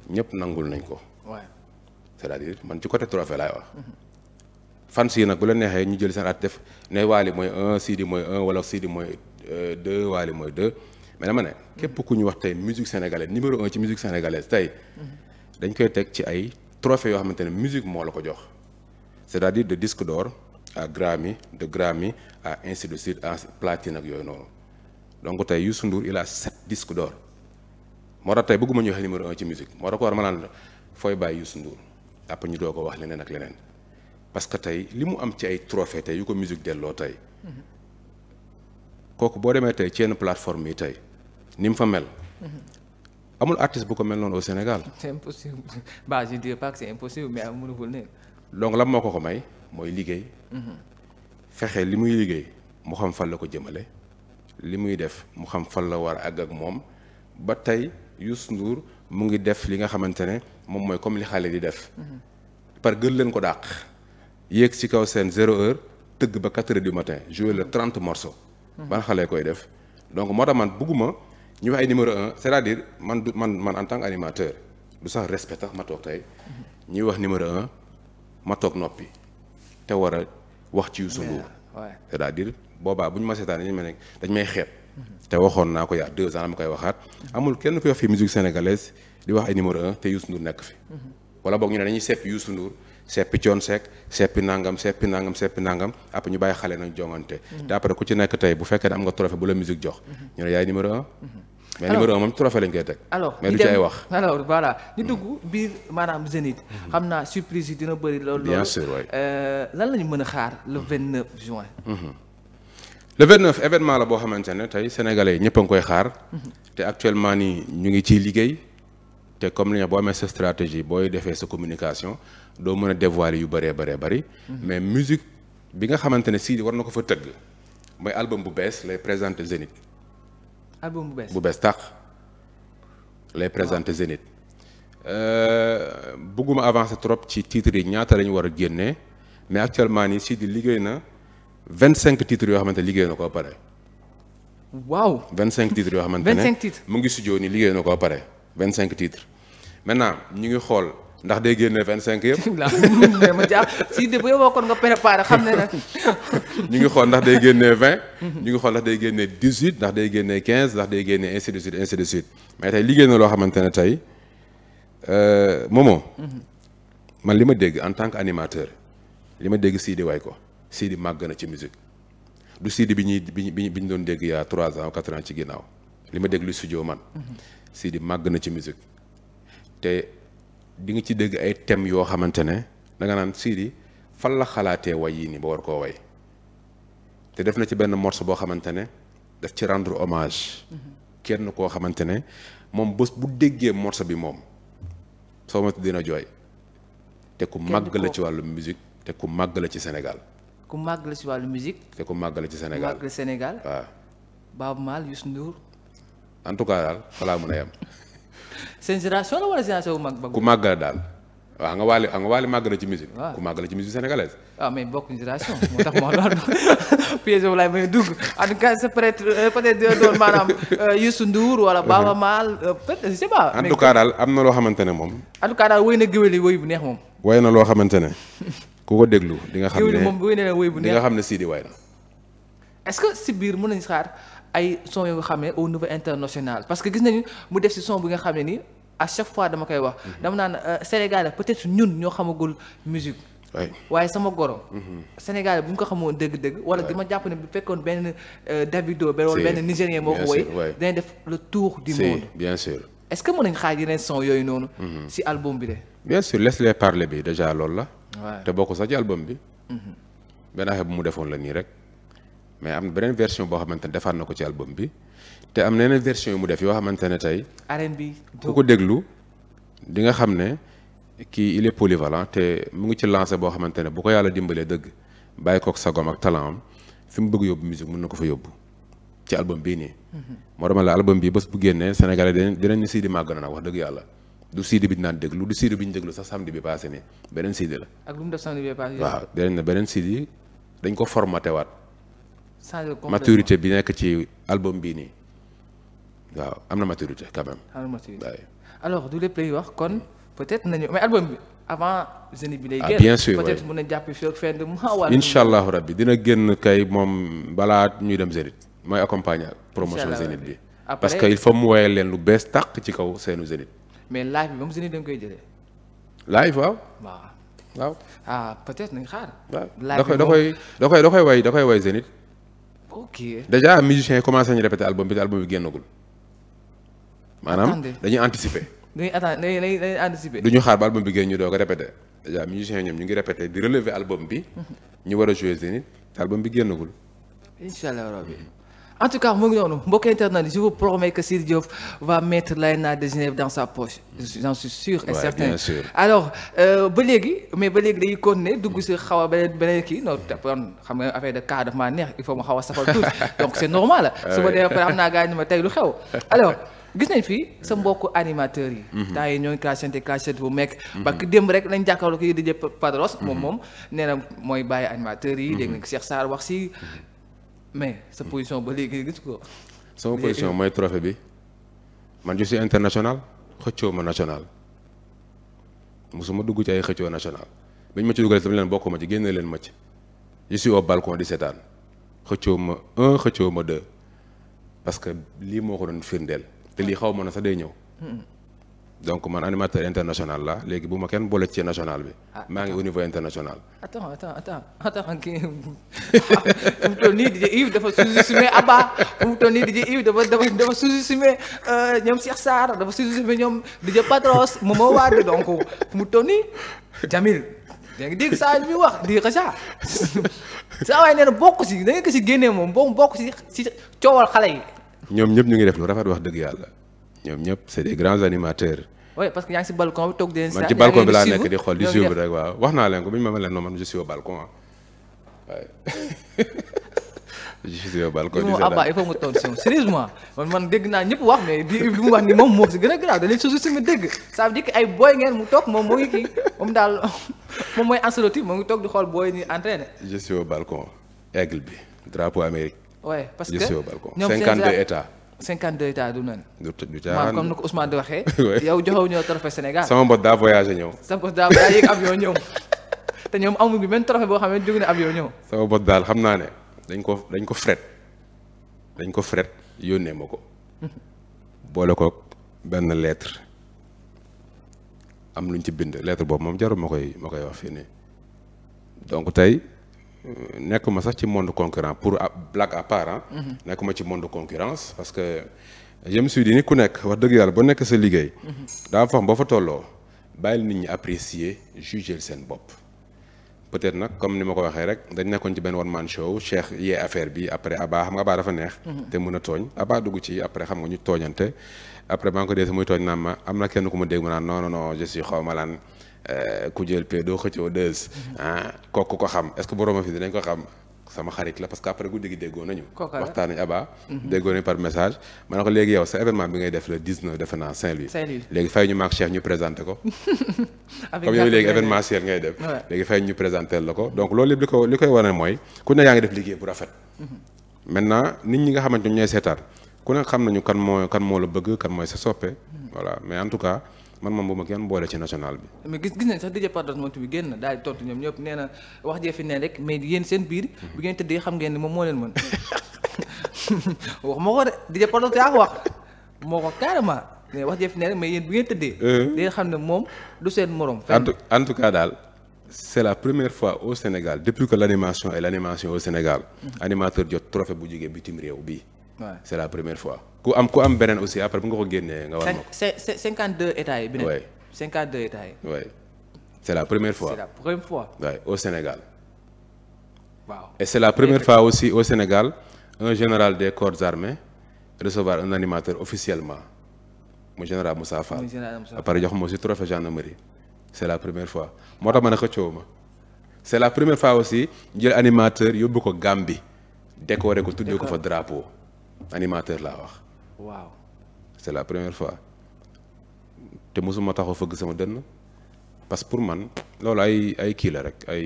ñëpp nangul nañ ko. waaw c'est-à-dire man ci côté trophée laay wax. fans nag bu la neexee ñu jël seen at def ne Wally mooy un Sidi mooy un wala Sidi mooy euh, deux Wally mooy deux. mais dama ne képp ku ñu wax tey musique sénégalaise numéro un ci musique sénégalaise tey dañ koy teg ci ay trophées yoo xamante ne musique moo la ko jox c'est-à-dire de disque d'or à Grammy de Grammy à ainsi de suite à platine ak yooyu noonu donc tey Youssou Ndour il a sept disques moo tax tey bëgguma ñu wax numéro un ci musique moo tax ko war ma naan fooy bàyyi Youssou Ndour après ñu doo ko wax leneen ak leneen parce que tey li mu am ci ay trophées tey yu ko musique delloo tey mm-hmm. boo demee tey ci yenn yi tey ni mu fa mel. amul artiste bu ko mel noonu au Sénégal. c'est impossible bah je dirais pas que c'est impossible mais donc lan moo ko ko may mooy liggéey. Mhm. fexe li muy liggéey mu xam fan la ko jëmale. li muy def mu xam fan la war a ak moom ba tey Youssou Ndour mu ngi def li nga xamante ne moom mooy comme li xale di def. Mhm. par gën leen ko dàq. yéeg ci kaw seen zéro heure tëgg ba quatre heures du matin jouer le trente morceaux. Mhm. ban xale koy def donc moo tax man bugguma ñu wax ay numéro un cest à man du man man en tant qu'animateur du sax respect tax ma toog tey ñuy wax numéro un ma toog noppi te war a wax ci Youssou Ndour cest à boobaa bu ñu ma seetaan dañu ma ne dañ may xeeb te waxoon naa ko yaa deux ans ma koy waxaat amul kenn koy wax fi musique sénégalaise di wax ay numéro un te Youssou Ndour nekk fi wala boog ñu ne dañuy seppi Youssou Ndour seppi Thione Seck seppi nangam seppi nangam seppi nangam après ñu bàyyi xale nañ jongante te mm-hmm. ku ci nekk tey bu fekkee ne nga trophée bu la musique jox mm-hmm. ñu ne yaay mais numéro un moom trophée lañ koy teg. alors mais du ci wax. alors mm-hmm. voilà ñu dugg biir maanaam Zénith. Mm-hmm. xam naa surprise yi dina bëri loolu. bien sûr euh, lan la ñu mën a xaar le 29 mm-hmm. juin. le 29 événement la boo xamante ne tey sénégalais ñëpp a ngi koy xaar. te actuellement nii ñu ngi ciy liggéey. te comme li boo amee sa stratégie booy defee sa communication doo mën a dévoiler yu baree bëree bari mais musique bi nga xamante ne Sidy war na ko fa tëgg. mooy album bu bees lay présenter Zénith. album bu bees bu bees tàq lay présenté Zénith. Euh, bëgguma avancer trop ci titres yi ñaata la ñu war a génne mais actuellement nii Sidy liggéey na vingt cinq titres yoo xamante liggéey na ko pare. waaw vingt cinq titres yoo xamante ne vingt cinq mu ngi studio ni liggéey na ko pare vingt cinq titres maintenant ñu ngi xool. ndax day génne vingt cinq yëpp. (laughs) ma jàpp si bu yeboo kon nga préparé xam ne nag. (laughs) ñu ngi xool ndax day génne vingt. ñu ngi xool ndax day génne dix huit ndax day génnee quinze ndax day génnee ainsi de suite ainsi de suite mais liggéey na loo xamante ne tey euh, Momo. Mhm. man li ma dégg en tant que animateur li ma dégg Sidi waay ko Sidi màgg na ci musique du Sidi bi ñuy bi ñu bi ñu doon dégg yaa trois ans ou quatre ans ci ginnaaw li ma dégg lu studio man. Mhm. Sidi màgg na ci musique te. di nga ci dégg ay thèmes yoo xamante ne da nga naan Sidy fan la xalaatee way yii nii ba war koo way te def na ci benn morceau boo xamante ne daf ci rendre hommage kenn koo xamante ne moom bés bu déggee morceau bi moom soo moytu dina jooy te ku màgg la ci wàllu musique te ku màgg la ci Sénégal ku màgg la ci wàllu musique te ku màgg la ci Sénégal màgg Sénégal waaw Baaba Maal Youssou Ndour en tout cas daal falaa mën a yem seen génération la wala génération bu mag ku màgg la daal waa nga waale nga waale màgg na ci musique ku màgg na ci musique sénégalaise waaw ah, mais bokk génération moo tax moo loolu (laughs) piège boobu laay may dugg en tout cas peut être euh, peut être doon maanaam euh, Youssou Ndour wala Baaba Maal euh, peut être je sais pas en tout cas am na loo xamante ne moom en tout cas daal wéy na neex moom way na loo xamante ne ku ko déglu di nga xam ne moom wéy na wéy bu neex di nga xam ne Sidi waay na est ce si biir mën nañu xaar ay son yu nga xam ne au niveau international parce que gis nañu mu def si son bi nga xam ne ni à chaque fois dama koy wax. Mhm. dama naan euh, Sénégal peut-être ñun ñoo xamagul musique. waaye sama goro. Mhm. Sénégal bu ñu ko xamoon dëgg-dëgg. wala ma jàpp ne bu fekkoon benn euh, Davido. wala benn Nigérien moo ko woy dinañ def le tour du monde. bien sûr est-ce que mën nañ xaar yeneen son yooyu noonu. si mhm. album bi de. bien sûr laisse parler bi déjà loolu la. te bokk sax ci album bi. mu defoon la nii rek. mais am beneen version boo xamante ne defaat na ko ci album bi te am na yeneen version yu mu def yoo xamante ne tey. arène bi ku ko déglu di nga xam ne kii il est polyvalent te mu ngi ci lance boo xamante ne bu ko yàlla dimbalee dëgg bàyyi kook sagom ak talent fi mu bëgg yóbbu musique mën na ko fa yóbbu ci album bii nii. Mm-hmm. moo dama la album bii bés bu génnee Sénégalais dinañ dinañ Sidy màgg na nag wax dëgg yàlla. du Sidy bi naan déglu du Sidy bi ñu déglu sax samedi bi passé nii beneen Sidy lu mu beneen Sidy dañ ko formaté waat. maturité bi nekk ci album bii nii waaw am na maturité quand même. du lépp lay wax kon peut-être nañu mais album bi avant. jeune bi lay ah, génn bien sûr peut-être mën jàpp fii ak fin de mois. incha allahu rabbi dina génn kay moom balaa ñuy dem Zénith mooy accompagner promotion Zénith bi. parce que il faut mu woyal leen lu bees tàq ci kaw seenu Zénith. mais live bi moom Zénith dañ koy jëlee. live waaw. waaw waaw. ah peut xaar. live bi da koy da koy da koy way ok déjà musiciens yi commencé nañu répéter album bi te album bi génnagul. maanaam dañuy anticiper. dañuy attendre du ñu xaar ba album bi génn ñu doog a répéter déjà musiciens ñoom ñu ngi répéter di relever album bi. Mhm. ñu war a jouer Zénith te album bi génnagul. incha en tout cas mu ngi noonu mbokk internet je vous promets que Sidy Diop va mettre l'ANA de Genève dans sa poche j'en suis sûr et alors euh, ba léegi mais ba léegi dañuy continuer dugg si xaw a beneen beneen kii xam nga affaire de cas neex il faut ma xaw a safal tuuti (laughs) donc c'est normal su ma demee xam naa gars yi ma tey lu xew (laughs) alors gis nañ fii sa mbokk animateurs yi mhm. temps yi ñoo ngi clashante clashante bu mekk parce mhm. que démb rek lañ jàkkaarloo ko yi di jëpp Padros mhm. moom moom nee na mooy bàyyi animateurs yi dégg wax si mais sa position ba léegi gis ko. sama position mooy trophée bi man je suis international xëccoo ma national mosuma dugg ci ay xëccoo national bi ñu ma ci dugalee tamit leen bokk ma ci génne leen ma ci je suis au di seetaan xëccoo ma un xëccoo ma deux parce que lii moo ko doon firndeel te lii xaw ma na sax day ñëw. Hmm. donc man animateur international la léegi bu ma kenn boole ci national bi. Ah, maa ngi au niveau international. attends attends attends attends kii fu mu toll nii DJ Yves dafa sous-estimé Abba fu mu toll nii DJ Yves dafa dafa dafa sous-estimé euh, ñoom Cheikh Sarr dafa donc mu toll nii Jamil da dégg saa bi wax di xasaa (laughs) saa waaye nee bokk si da nga ko si génnee moom boo bokk si si coowal xale yi. ñoom ñëpp ñu ngi def lu rafet wax dëgg yàlla. ñoom ñëpp c' est des grands animateurs. oui parce que yaa ngi si balcon bi toog di leen. man ci balcon bi laa nekk di xool di suivre rek waaw wax naa leen ko bi ñu ma leen non man je suis (laughs) man man naa ñëpp wax mais di li mu wax ni moom moo si gën a grave da leen susu suñu dégg ça moo ngi kii daal (laughs) moom mooy Ancelotti moo ngi toog di xool booy ni entraîné. je suis au balcon aigle bi drapeau Amérique. oui parce que je suis au balcon cinquante 52 états du noonu. du caaxaan comme ni ko Ousmane di waxee. (laughs) yow joxewu ñoo trophée Sénégal. sama mbot daa voyagé ñëw. sama mbot daa daa yéeg te ñoom amuñu benn trophée boo xam ne jóge na avion ñëw. sama mbot daal xam naa ne dañ ko dañ ko fret dañ ko fret yónnee ma ko. boole ko benn lettre am luñ ci bind lettre boobu moom jarul ma koy ma koy wax fii nii donc tey. nekkuma sax ci monde concurrent pour blague à part mhm. nekkuma ci monde concurrence parce que je me suis dit ku nekk wax dëgg yàlla ba nekk sa liggéey. Mhm. daa fa fa tolloo bàyyil nit ñi apprécier juger seen bopp. peut-être nag comme ni ma ko waxee rek dañ nekkoon ci benn one man show Cheikh yee affaire bi après xam nga Abba dafa neex. Mhm. te mën a tooñ Abba dugg ci après xam nga ñu tooñante après maa ngi ko dee si muy tooñ naan ma am na kenn ku ma dégg ma naan non non non xaw ma lan Euh, ku jël pe doo xëccoo deuse ah ko xam est-ce que borom a fi dinañ ko xam sama xarit la parce que après guddi gi déggoo nañu. waxtaan nañu Abba. Mhm. déggoo nañu par message. ma ne ko léegi yow sa événement bi ngay def le 19 defe naa Saint-Louis. saint léegi fay ñu maak Cheikh ñu présenté ko. (laughs) comme yow léegi événementiel ngay def. léegi fay ñu présenté la ko donc loolu li ko li koy wane mooy ku ne yaa ngi def liggéey bu rafet. Mhm. maintenant nit ñi nga xamante ñoom ñooy seetaan ku ne xam nañu kan moo kan moo la bëgg kan mooy sa soppe. Mhm. voilà mais en tout cas. man moom bu kenn boole ci national bi. mais gis gis nañ sax DJ Pados moom tamit génn daal tontu ñoom ñëpp nee na wax jee fi ne rek mais yéen seen biir. bu ngeen tëddee xam ngeen ni moom moo leen mën (laughs) ma ko de DJ Pados yaa ko wax moo ko wax jee ne rek mais yéen bu ngeen tëddee. Euh. moom du seen morom. en tout cas daal. c'est la première fois au Sénégal depuis que l'animation est l'animation au Sénégal mm-hmm. animateur jot trophée bu jógee bitim réew bii c'est la première fois ku am ku am beneen aussi après bu nga ko génnee nga war ma ko. cinq cinquante deux états yi. bi nekk la première fois. fois. au Sénégal. waaw et c'est la première fois aussi au Sénégal un général des corps armés recevoir un animateur officiellement mu général Moussa Fall. après jox ma aussi trophée gendarmerie. c'est la première fois moo tax ma ne xëccoo ma. c'est la première fois aussi jël animateur yóbbu ko Gambie décorer ko tuddee ko fa drapeau animateur laa wax. waaw c'est la première fois te mosuma taxaw fëgg sama dënn parce que pour man loolu ay ay kii la rek ay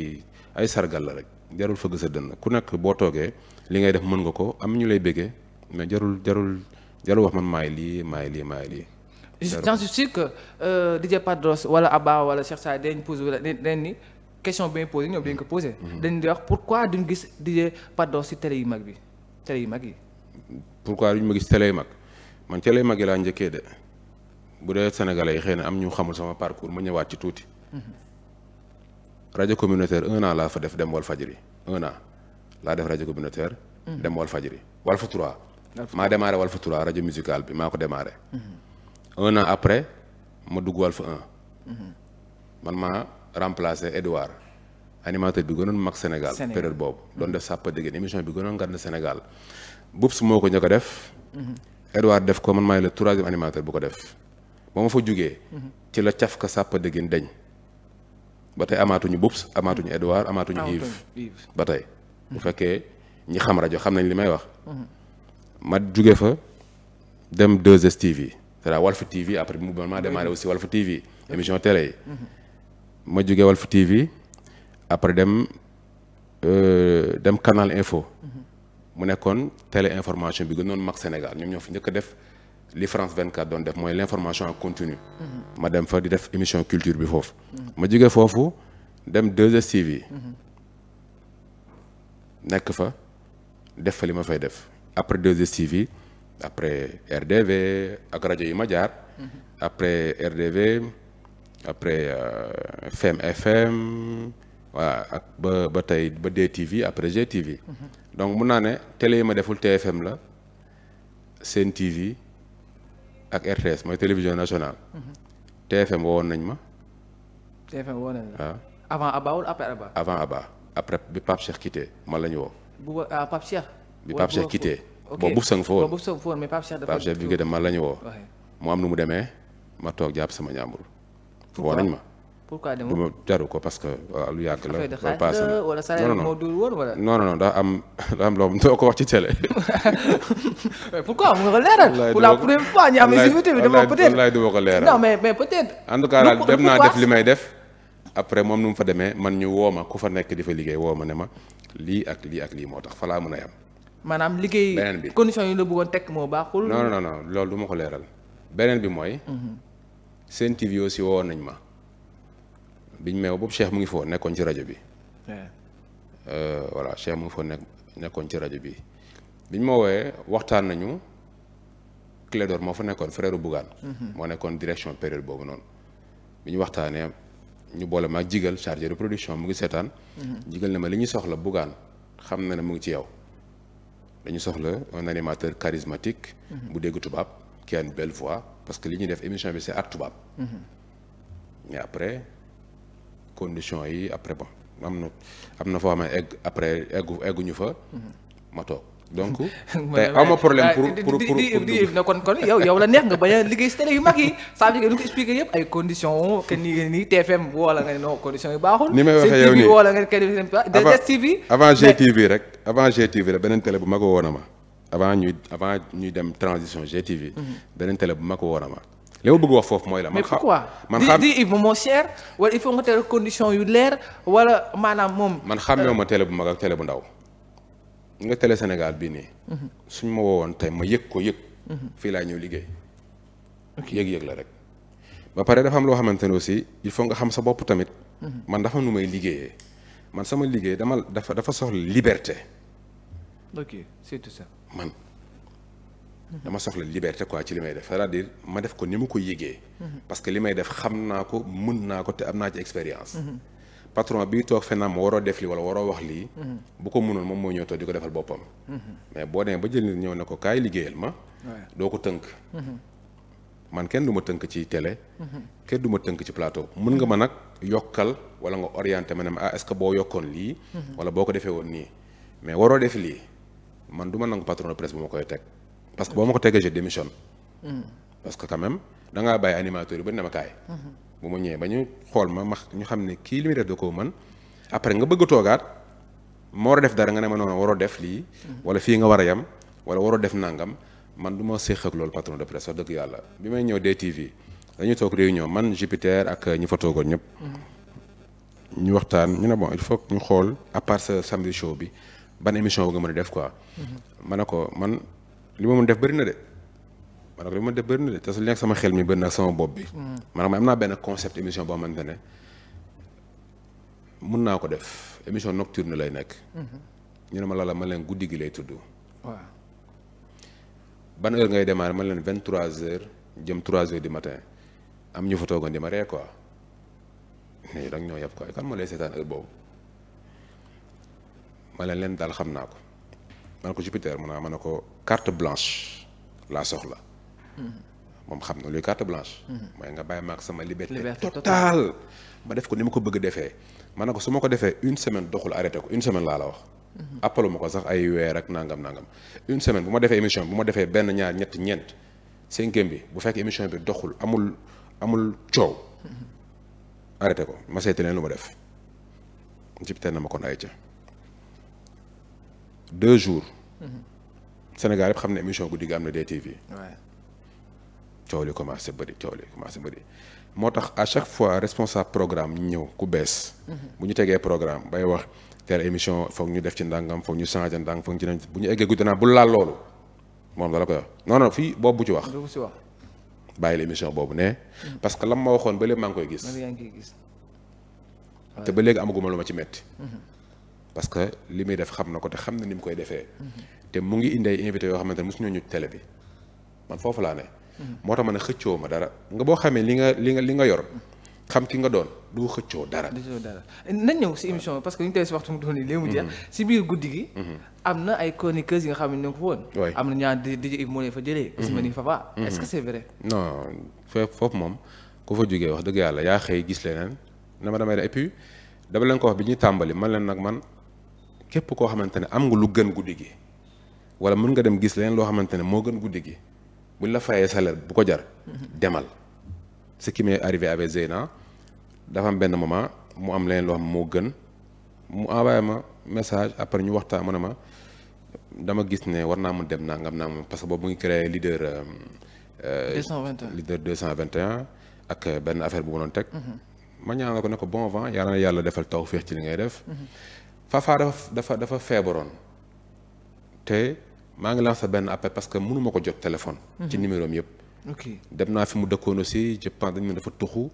ay sargal la rek jarul fëgg sa dënn ku nag boo toogee li ngay def mën nga ko am ñu lay bëggee mais jarul jarul jarul wax man maay lii maay lii maay lii. j'en suis sûr que euh, DJ Padros wala Abba wala Cheikh Saay dañ posé wala dañ ni question bi ñu posé ñoom dañ ko posé. Mhm. dañ di wax pourquoi duñ gis DJ Padros ci télé yu mag bi télé mag yi. pourquoi duñ ma gis télé yu mag. man ca lay magi laa njëkkee de bu dee sénégalais yi xëy na am ñu xamul sama parcours ma ñëwaat ci tuuti. Mm-hmm. rajo communautaire un an laa fa def dem wal fajiri un an laa def rajo communautaire. Mm-hmm. dem wal fajiri wal fa trois. maa démarré wal fa trois rajo musicale bi maa ko démarré. Mm-hmm. un après ma dugg wal fa man maa remplacé Edouard animateur bi gënoon mag Sénégal. période boobu doon def sàppa dégg émission bi gënoon ngar na Sénégal. Bubs moo ko njëkk Edouard def ko man maay le troisième animateur bu ko def ba ma fa jugee. Mhm. ci la caf ka sàpp dëggin dañ. ba tey amaatuñu Boubs amaatuñu mhm. Edouard amaatuñu Yves ba tey bu mhm. fekkee ñi xam rajo xam nañ li may wax ma jóge fa dem 2STV c'est-à-dire Walf TV après mu ma démarré aussi émission télé ma jóge Walf TV après dem euh, dem Canal Info mu nekkoon télé information bi gënoon mag Sénégal ñoom ñoo fi njëkk a def li France 24 doon def mooy l' information en continu. Mhm. ma dem fa di def émission culture bi foofu. ma jóge foofu dem 2STV. Mhm. nekk fa def fa li ma fay def après 2STV après RDV rajo yi ma jaar. Mhm. après RDV FM FM waa ak ba ba tey ba DTV après GTV. Mm donc mun naa ne télé yi ma deful TFM la Sen TV ak RTS mooy télévision nationale. TFM mhm. wowoon nañ ma. TFM wowoon nañ ma avant après avant Abba après bi Pape Cheikh quitté man la ñu woo. bu ba ah, Pape Cheikh. bi Pape Cheikh quitté. ok boobu Boubou Sangue fa woon boobu fa woon mais Pape man la ñu woo. mu am nu mu demee ma toog jàpp sama ñaambur. woo nañ ma. pourquoi demoo jaru ko parce que waaw lu yàgg la. affaire paase na wala salaire moo dul woon wala. non non non daa (laughs) ko wax ci télé. (laughs) pourquoi mu nga ko leeral. am invité bi dama peut être en tout cas daal dem naa def li may def. après moom nu mu fa demee man ñu woo ma ku fa nekk di fa liggéey woo ma ne ma lii ak lii ak lii moo tax fa laa mën a yem. maanaam liggéey beneen bi condition yi la bëggoon teg moo baaxul. non non non loolu du ma ko leeral. beneen bi mooy. Mhm. seen TV aussi woo nañ ma. biñ meew boobu Cheikh mu ngi foo nekkoon ci rajo bi. Euh, voilà mu ngi nekk nekkoon ci rajo bi biñ ma wooyee waxtaan nañu Clédor moo fa nekkoon frère Bougane. Mhm. moo nekkoon direction période boobu noonu. bi ñu waxtaanee ñu boole maag jigal chargé de production mu ngi seetaan. Mhm. jigal na ma li ñu soxla Bougane xam na ne mu ngi ci yow. dañu soxla un animateur charismatique. Mhm. bu dégg tubaab qui a une belle voix parce que li ñuy def émission bi c'est ak tubaab. mais après. condition yi après bon am na am na foo xam ne egg après eggu ñu fa. ma toog donc. (laughs) tey aw problème pour pour ah, pour di di di kon kon yow yow la neex nga bañ a liggéey si télé yu mag yi ça veut dire que ko expliquer yëpp ay conditions que ni ni TFM woo la nga ne non conditions yu baaxul. ni may waxee yow nii woo la nga ne avant GTV rek avant GTV rek beneen télé bu mag woon na ma avant ñuy avant ñuy dem transition GTV. Mhm. beneen télé bu mag woon ma. li ma bëgg wax foofu mooy la. man xam man xam di di nga teel condition yu leer wala maanaam moom. man xàmmeewu ma télé bu mag ak tele bu ndaw nga tele Sénégal bi nii. Mhm. suñ ma woon tey ma yëg ko yëg. Mhm. fii laa ñëw liggéey. yëg-yëg la rek. ba pare dafa am loo xamante ne aussi il faut nga xam sa bopp tamit. Mhm. man dafa nu may liggéeyee man sama liggéey dama dafa dafa soxla liberté. ok man. dama soxla liberté quoi ci li may def cest ma def ko ni mu ko yëgee. parce li may def xam naa ko mën naa ko te am naa ci expérience. patron bi toog fenn am waroo def lii wala waroo wax lii. bu ko mënoon moom moo ñëw toog di ko defal boppam. mais boo demee ba jël nit ñëw ne mhm. man kenn du ma tënk ci télé. Mhm. kenn du ma tënk ci plateau mën nga ma nag yokkal wala nga orienté ma ne ma ah est-ce que boo yokkoon lii. Mhm. wala boo ko defee woon nii mais waroo def lii man du nangu patron de presse bu ma parce que boo ma ko tegee je démissionne. Hmm. parce que quand même da ngaa bàyyi animateur yi ba ne ma kaay. Hmm. bu ma ñëwee ba ñu xool ma ma ñu xam ne kii li muy def da koo mën après nga bëgg a toogaat ma war a def dara nga ne ma noonu a def lii. Hmm. wala fii nga war a yem wala a def nangam man du ma séq ak loolu patron de presse wax dëgg yàlla bi may ñëw DTV dañuy toog réunion man Jupiter ak ñi fa toogoon ñëpp. ñu waxtaan ñu ne bon il faut ñu xool à part sa samedi show bi ban émission nga def quoi. li ma mun def bari na de maanaam li ma mën def bëri na de te su nekk sama xel mi bëri na sama bopp bi. maanaam am naa benn concept émission boo xamante ne mun naa ko def émission nocturne lay nekk. ñu ne ma lala ma leen guddi gi lay tudd. waaw ban heure ngay démarrer ma leen vingt trois heures jëm trois heures du matin am ñu fa toogoon di ma ree quoi nii da nga ñoo yab quoi kan ma lay seetaan heure boobu ma leen leen daal xam naa ko. man ko Jupiter mun naa mën a ko carte blanche laa soxla. moom xam na luy carte blanche. mooy nga bàyyi ma ak sama liberté totale ma def ko ni ma ko bëgg defee. ma ne ko su ma ko defee une semaine doxul arrêté ko une semaine laa la wax. appalu ma ko sax ay weer ak nangam nangam une semaine bu ma defee émission bu ma defee benn ñaar ñett ñeent cinquième bi bu fekk émission bi doxul amul amul coow. arrêté ko ma seeti leen lu ma def. Jupiter na ma kon ay ca deux jours Mm-hmm. Sénégal yëpp xam ne émission guddi gi am na DTV. waaw coow commencé bëri coow li commencé bëri moo tax à chaque fois responsable programme ñëw ku bees. Mm-hmm. bu ñu tegee programme bay wax teel émission foog ñu def ci ndàngam foog ñu changé ndàngam foog ci nañ bu ñu eggee guddi naa bu laal loolu moom la la koy wax non fii boobu bu ci wax. bu ci wax bàyyi boobu ne. Mm-hmm. parce que lam ma waxoon ba léegi maa ngi koy gis. te ba léegi amaguma lu ma ci metti parce que li muy def xam na ko te xam na ni mu koy defee. te mu ngi indi ay invité yoo xamante ne mosuñoo ñu télé bi man foofu laa ne. moo tax man ne xëccoo ma dara nga boo xamee li nga li nga li nga yor. xam ki nga doon du xëccoo dara. xëccoo dara nañ ñëw si émission parce que ñu tey si waxtu mu doon léegi mu jeex. Mm-hmm. si biir guddi gi. Mm-hmm. am na ay chroniqueurs yi nga xam ne ñoo ko woon. am na ñaar di di moo leen fa jëlee. gis nga ni Fafa. Mm-hmm. non foofu moom ku fa jógee wax dëgg yàlla yaa xëy gis leneen na ma damay et puis dama leen ko wax bi tàmbali man leen nag man képp koo xamante ne am nga lu gën guddi gi wala mën nga dem gis leen loo xamante ne moo gën guddi gi buñ la fayee salaire bu ko jar. Mhm. demal ce qui m'est arrivé Zeyna dafa am benn moment mu am leen loo xam moo gën mu envoyé ma message après ñu waxtaan mu ne ma dama gis ne war naa mun dem nangam naa parce que boobu mu ngi créé leader. 221 euh, euh, leader 221 ak benn affaire bu ma doon teg. Mhm. ma ñaanal ko ne ko bon vent yàlla na yàlla defal taw féex ci li ngay def. Mhm. Fafa dafa dafa dafa feebaroon te maa ngi la lancé benn appel parce que mënuma ko jot téléphone. Mhm. ci numéro am yëpp. ok dem naa fi mu dëkkoon si je pense dañu dafa tuxu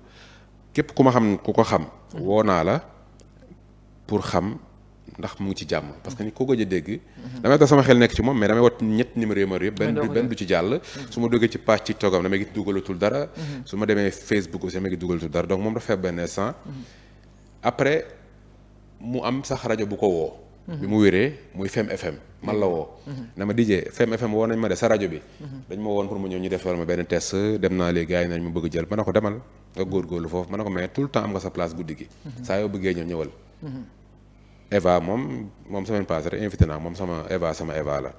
ku ma xam ku ko xam. Mhm. woo naa la pour xam ndax mu ngi ci jàmm. parce que ni ko gëj a dégg. Mhm. damay tax sama xel nekk ci moom mais damay wat ñett numéro yëpp. benn benn du ci jàll. su ma duggee ci page ci toogam damay gis dugalatul dara. su ma demee Facebook aussi damay gis dugalatul dara donc moom dafa feebar benn instant. après. mu am sax rajo bu ko woo. bi mu wéree muy Fem FM man la woo. na ma DJ Fem FM woo nañ ma de sa rajo bi. dañ ma woon pour mu ñëw ñu def defal ma benn test dem naa léegi gars yi nañ mu bëgg jël ma ne ko demal nga góorgóorlu foofu ma ne ko mais tout le temps am nga sa place guddi gi. saa yoo bëggee ñëw ñëwal. Eva moom moom semaine passée rek invité naa moom sama Eva sama Eva la.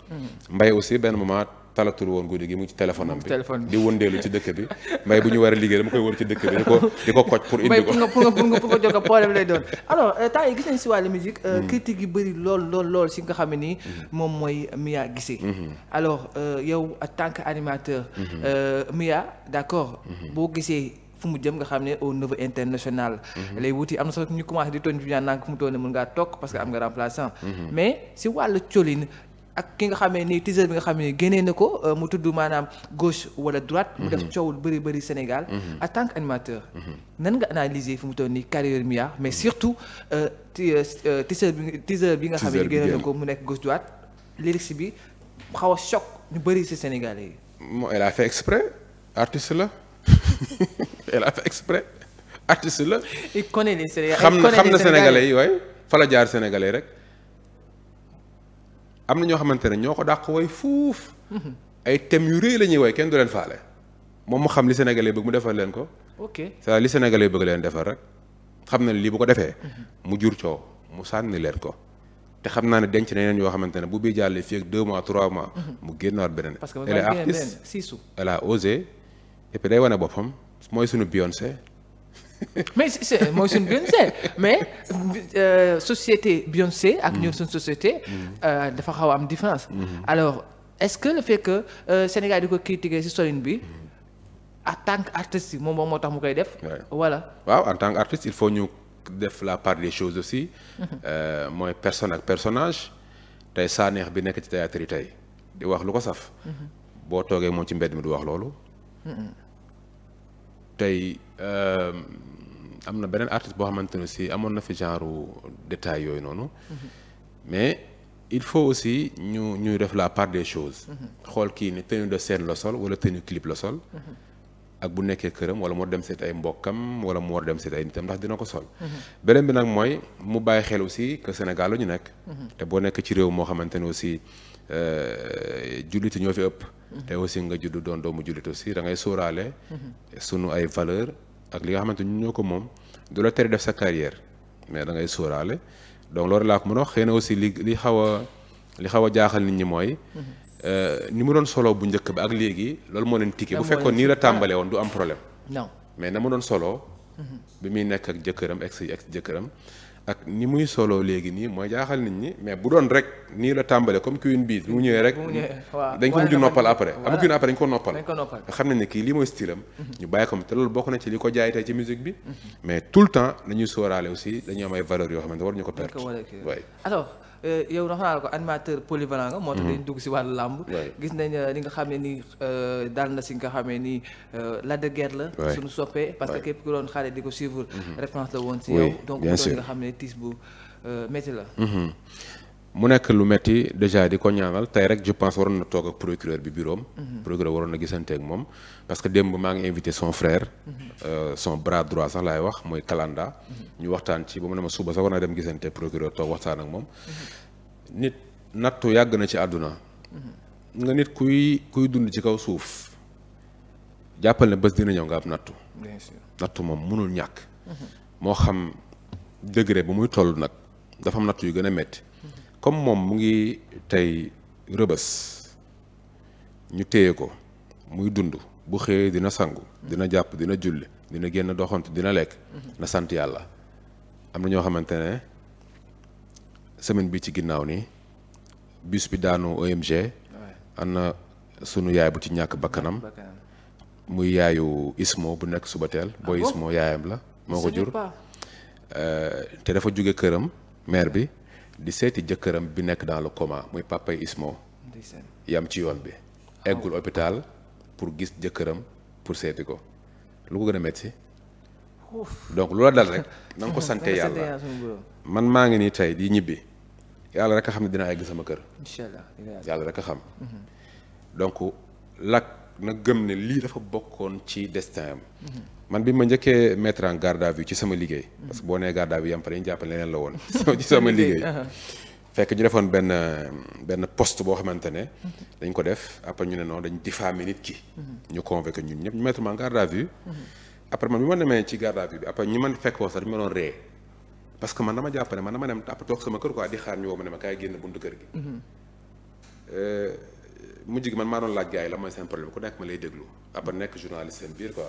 Mbaye aussi benn moment talatul woon guddi gi mu ngi ci téléphone am bi di wëndeelu ci dëkk bi mbay bu ñu war a liggéey dama koy wër ci dëkk bi di ko di ko koj pour indi ko pour nga pour nga pour nga jóg problème lay doon (laughs) alors euh, temps yi gis nañ si wàllu musique euh, mm. critique yi bëri lool lool lool si nga xam ne nii mm-hmm. moom mooy Mia Guissé mm-hmm. alors euh, yow en tant que animateur mm-hmm. Mia d'accord boo gisee fu mu jëm nga xam ne au niveau international lay wuti am na sax ñu commencé di tooñ fi ñaan naan fu mu toll ne mën ngaa toog parce que am nga remplaçant mais si wàllu colin ak ki nga xamee ni teaser bi nga xam ne génnee na ko euh, mu tudd maanaam gauche wala droite. mu mhm. def coow lu bëri bëri Sénégal. Mhm. en tant que animateur. Mhm. nan nga analyser fi mu toll nii carrière Mia mais surtout euh, teaser bi euh, teaser bi nga xam ne génnee na ko mu nekk gauche droite lyrics bi xaw a choc ñu bëri si Sénégalais yi. moom elle a fait exprès la (laughs) elle a fait exprès la. il connaît les xam na xam na Sénégalais yi waaye fa jaar Sénégalais rek. am na ñoo xamante ne ñoo ko dàq way fuuf. ay thèmes yu rëy la ñuy way kenn du leen faale. moom mu xam li sénégalais bëgg mu defal leen ko. ok c'est li sénégalais bëgg leen defar rek xam na lii bu ko defee. mu jur coow mu sànni leen ko. te xam naa ne denc nañ leen yoo xamante ne bu bii jàllee fii ak 2 mois 3 mois. mu génnaat beneen. parce que elle est artiste elle day wane boppam mooy suñu Beyoncé. (laughs) mais c'est mooy suñu Beyoncé mais euh, société Beyoncé ak ñun suñu société. Mm. Euh, dafa xaw am différence. Mm. alors est-ce que le fait que euh, Sénégal di ko critiquer ci solin bi. Mm. en tant qu'artiste moom moom moo tax mu koy def. voilà waaw en tant qu'artiste il faut ñu def la part des choses aussi. Mm-hmm. Euh, mooy personne ak personnage tey saaneex bi nekk ci théâtre yi di wax lu ko saf. Mm-hmm. boo toogee moom ci mbedd mi du wax loolu. Mm-hmm. tey. am na beneen artiste boo xamante ne aussi amoon na fi genre détail yooyu noonu. mais il faut aussi ñu ñuy def la part des choses. xool kii ni tenue de scène la sol wala tenue clip la sol. ak bu nekkee këram wala moo dem seet ay mbokkam wala moo dem seet ay nitam ndax dina ko sol. beneen bi nag mooy mu bàyyi xel aussi que Sénégal ñu nekk. te boo nekk ci réew moo xamante ne aussi euh, jullit ñoo fi ëpp. te aussi nga judd doon doomu jullit aussi da ngay sóoraale. sunu ay valeur ak li nga xamante ñu ñoo ko moom du la tere def sa carrière mais da ngay sóoraale donc loolu laa ko mën a xëy na aussi li li xaw a li xaw a jaaxal nit ñi mooy mhm. euh, ni mu doon solo bu njëkk bi ak léegi loolu moo leen tike bu fekkoon nii la tàmbalee woon du am problème mais na mu doon solo mhm. bi muy nekk ak jëkkëram ex ex jëkkëram ak ni muy solo léegi nii mooy jaaxal nit ñi mais bu doon rek nii la tàmbale comme Queen Biz bi mu ñëwee rek dañ ko mujj noppal après am Queen après dañ ko noppal nga xam ne ne kii lii mooy stylam mhm. ñu bàyyi ko te loolu bokk na ci li ko jaay tey ci musique bi mhm. mais tout le temps dañuy sóoraale aussi dañu am ay valeurs yoo xamante war ñu ko perte waaye Euh, yow wax naa la ko animateur polyvalent nga. moo tax mhm. dañ dugg si wàllu làmb. gis nañ euh, li nga xam ne nii euh, dal na si nga xam ne nii la de guerre la. suñu soppee parce que képp ku doon xaale di ko suivre. Mhm. référence la woon si yow. donc doon nga xam ne tiis bu métti la. Mhm. mu nekk lu metti déjà di ko ñaanal tey rek je pense waroon na toog ak procureur bi bureau am mhm. procureur waroon na gisante moom parce que démb maa ngi invité son frère mhm. euh, son bras droit sax laay wax mooy Kalanda mhm. ñu waxtaan ci ba mu ne suba sax war na dem gisante procureur toog waxtaan ak moom nit nattu yàgg na ci àdduna nga nit kuy kuy dund ci kaw suuf jàppal ne bés dina ñëw nga am nattu bien sûr nattu moom mënul ñàkk moo xam degré ba muy toll nag dafa am nattu yu gën a metti comme moom mu ngi tey rëbës ñu téye ko muy dund bu xëyee dina sangu dina jàpp dina julli dina génn doxantu dina lekk na sant yàlla am na ñoo xamante ne semaine bi ci ginnaaw ni bis bi daanu OMG am na sunu yaay bu ci ñàkk bakkanam muy yaayu Ismo bu nekk suba teel ah booy Ismo yaayam la moo ko jur euh, te dafa jóge këram maire bi di seeti jëkkëram bi nekk dans le coma muy papa Ismo yam ci yoon bi ah. eggul hôpital pour gis jëkkëram pour seeti ko lu ko gën a metti donc lu la dal rek (laughs) na ko sante yàlla man maa ngi nii tey di ñibbi yàlla rek a xam ne dinaa egg sama kër inshallah yàlla rek a xam mhm. donc lak na gëm ne lii dafa bokkoon ci destin am mhm. man bi ma njëkkee mettre en garde à vue ci sama liggéey. parce que boo nee garde à vue yam pare ñu jàpp leneen la woon. (laughs) ci sama liggéey. Uh-huh. fekk ñu defoon benn benn poste boo xamante ne. dañ ko def après ñu ne non dañ diffamer nit ki. Uh-huh. ñu convoqué ñun ñëpp ñu mettre en garde à vue. Uh-huh. après man bi ma demee ci garde à vue bi après ñu man fekk sax dañu ma doon ree parce man dama jàpp man dama dem tàpp toog sama kër quoi di xaar ñu woo ma ne ma mujj gi man maa doon laaj gars yi la mooy seen problème ku nekk ma lay déglu après nekk journaliste seen biir quoi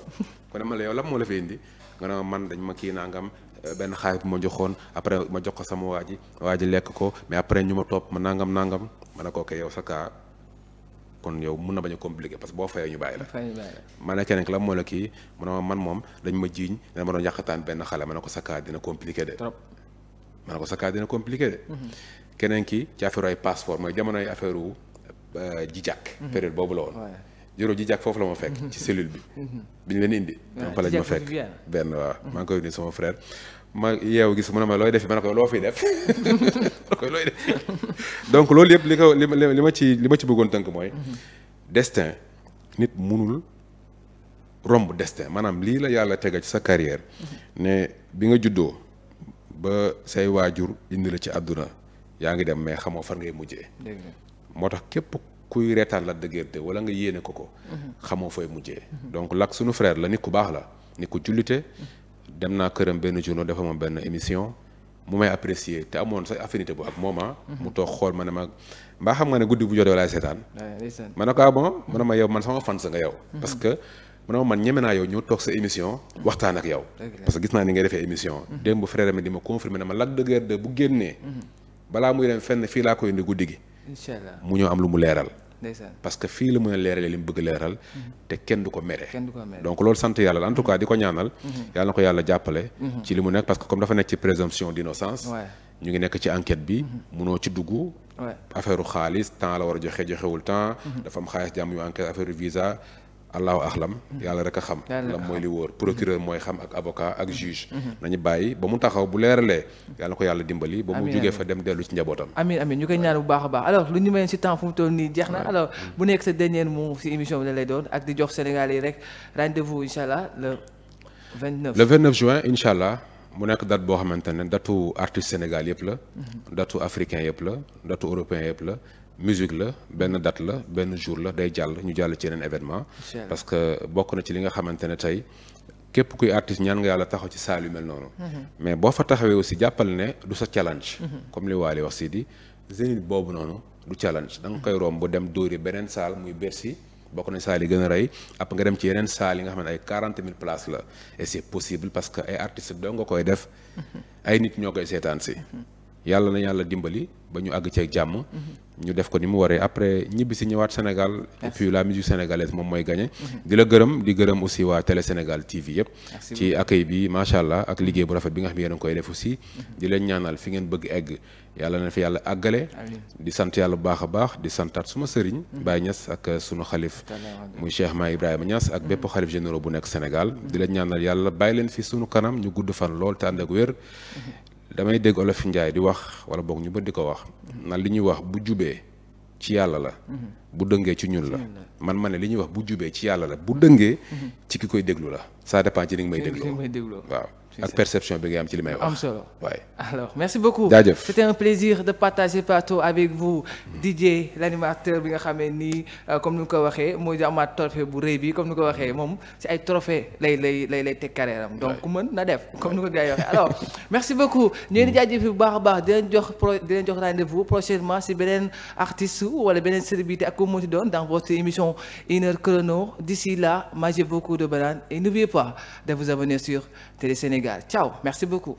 ku ne ma la yow lan moo la fi indi nga ne ma man ma kii nangam euh, benn xaalis bu ma joxoon après ma jox ko sama waa ji waa ji lekk ko mais après ñu ma topp ma nangam nangam ma ne ko yow sa kaa kon yow mun na bañ a compliqué parce que boo fayoo ñu bàyyi la. ma ne keneen la moo la kii mu ne man moom dañ ma jiiñ dina ma doon yàqataan benn xale ma ne ko sa kaa dina compliqué de. trop ma ne ko sa mm-hmm. ki ci affaire ay passeport mooy affaire wu. Euh, jijàk mhm. période boobu la woon juróom jijàk foofu la ma fekk mhm. ci cellule bi bi ñu leen indi fa lañ ma fekk benn waaw mhm. maa ngi koy nuyu sama frère ma yeew gis mu ne ma looy def ma ne ko loo fiy def koy (laughs) looy def donc loolu yëpp li ko li ma ci li ma ci bëggoon tënk mooy destin nit munul romb destin maanaam lii la yàlla tega ci sa carrière ne bi nga juddoo ba say waajur indi la ci àdduna yaa ngi dem mais xamoo fan ngay mujjee moo tax képp kuy reetaan la de Guiers 2 wala nga yéene ko ko. xamoo fooy mujjee. donc Lac sunu frère la nit ku baax la nit ku jullite. dem naa këram benn journaux dafa ma benn émission mu may apprécier te amoon sa affinité bu ak moom ah. mu toog xool ma ne ma mbaa xam nga ne guddi bu jotee walaay seetaan. ma ne ko ah bon ma ma yow man sama fan sa nga yow. parce que ma ma man ñeme naa yow ñëw toog sa émission. waxtaan ak yow. parce gis naa ni ngay defee émission. démb frère mi di ma confirmer ne ma Lac de Guiers bu génnee. balaa muy dem fenn fii laa koy guddi gi. incha allah mu ñëw am lu mu leeral. parce que fii la mën a leeralee li mu bëgg leeral. Mm-hmm. te kenn du ko mere. donc loolu sant yàlla la en tout cas di ko ñaanal. Mm-hmm. yàlla na ko yàlla jàppale. Mm-hmm. ci li mu nekk parce que comme dafa nekk ci présomption d'innocence. ñu ngi nekk ci enquête bi. munoo ci dugg. affaire xaalis temps la war a joxe joxewul temps. dafa am xaalis jàmm yu enquête affaire visa. allahu axlam yàlla rek a xam la mooy li wóor procureur mooy xam ak avocat ak juge mhm. nañu bàyyi ba mu taxaw bu leeralee yàlla ko yàlla dimbali ba mu jógee fa dem dellu ci njabootam amin amin ñu koy ñaan bu baax a baax alors lu ñu mayoon si temps fu mu toll nii jeex na alors mm. bu nekk sa dernier mot si émission bi la lay doon ak di jox Sénégal yi rek rendez-vous incha allah le 29 le juin incha allah mu nekk date boo xamante ne datu artiste Sénégal yëpp la mhm. datu africain yëpp la datu yëpp la musique la benn date la benn jour la day jàll ñu jàll ci yeneen événement parce que bokk na ci li nga xamante ne tey képp kuy artiste ñaan nga yàlla taxaw ci saal yu mel noonu mhm. mais boo fa taxawee aussi jàppal ne du sa challenge mhm. comme li Waly wax si di zénith boobu noonu du challenge da koy romb bu dem dóori beneen saal muy Bercy bokk na saal yi gën a rey après nga dem ci yeneen saal yi nga xam ne ay quarante mille places la et c'est possible parce a ay artistes doo nga koy def mhm. ay nit ñoo koy seetaan si yàlla na yàlla dimbali ba ñu àgg ceeg jàmm ñu def ko ni mu waree après ñibbi si ñëwaat Sénégal. et puis la musique sénégalaise moom mooy gagné. Mhm. di la gërëm di gërëm aussi waa Télé Sénégal TV yëpp. ci accueil bi macha allah ak liggéey bu rafet bi nga xam ne yéen koy def aussi. Mhm. di leen ñaanal fi ngeen bëgg egg yàlla na fi yàlla àggale. di sant yàll bu baax a baax di santaat suma sëriñ. Mhm. Baye Niass ak uh, sunu xalif. muy Cheikh Mahi Ibrahima ñas ak bépp xalif généraux bu nekk Sénégal. di leen ñaanal yàlla bàyyi leen fi sunu kanam ñu gudd fan lool te ànd ak wér. damay dégg olof njaay di wax wala boog ñu ba di ko wax na li ñuy wax bu jubee ci yàlla la mhm. bu dëngee ci ñun la man ma ne li ñuy wax bu jubee ci yàlla la bu dëngee mhm. ci ki koy déglu la ça dépend ci li may dégloo waaw ak perception bi nga am ci li may wax. am merci beaucoup jaajëf un plaisir de partager plateau avec vous DJ l'animateur bi nga xamee nii euh, comme ni ko waxee moo di trophée bu rëy bi comme ni ko waxee moom ci ay trophée lay lay teg carrière donc ku mën na def comme ni ko gars waxee alors merci beaucoup ñoo ngi jaajëf bu baax baax di jox prochainement si beneen artiste wala beneen célébrité ak ku mu doon dans votre émission une heure Sénégal ciao merci beaucoup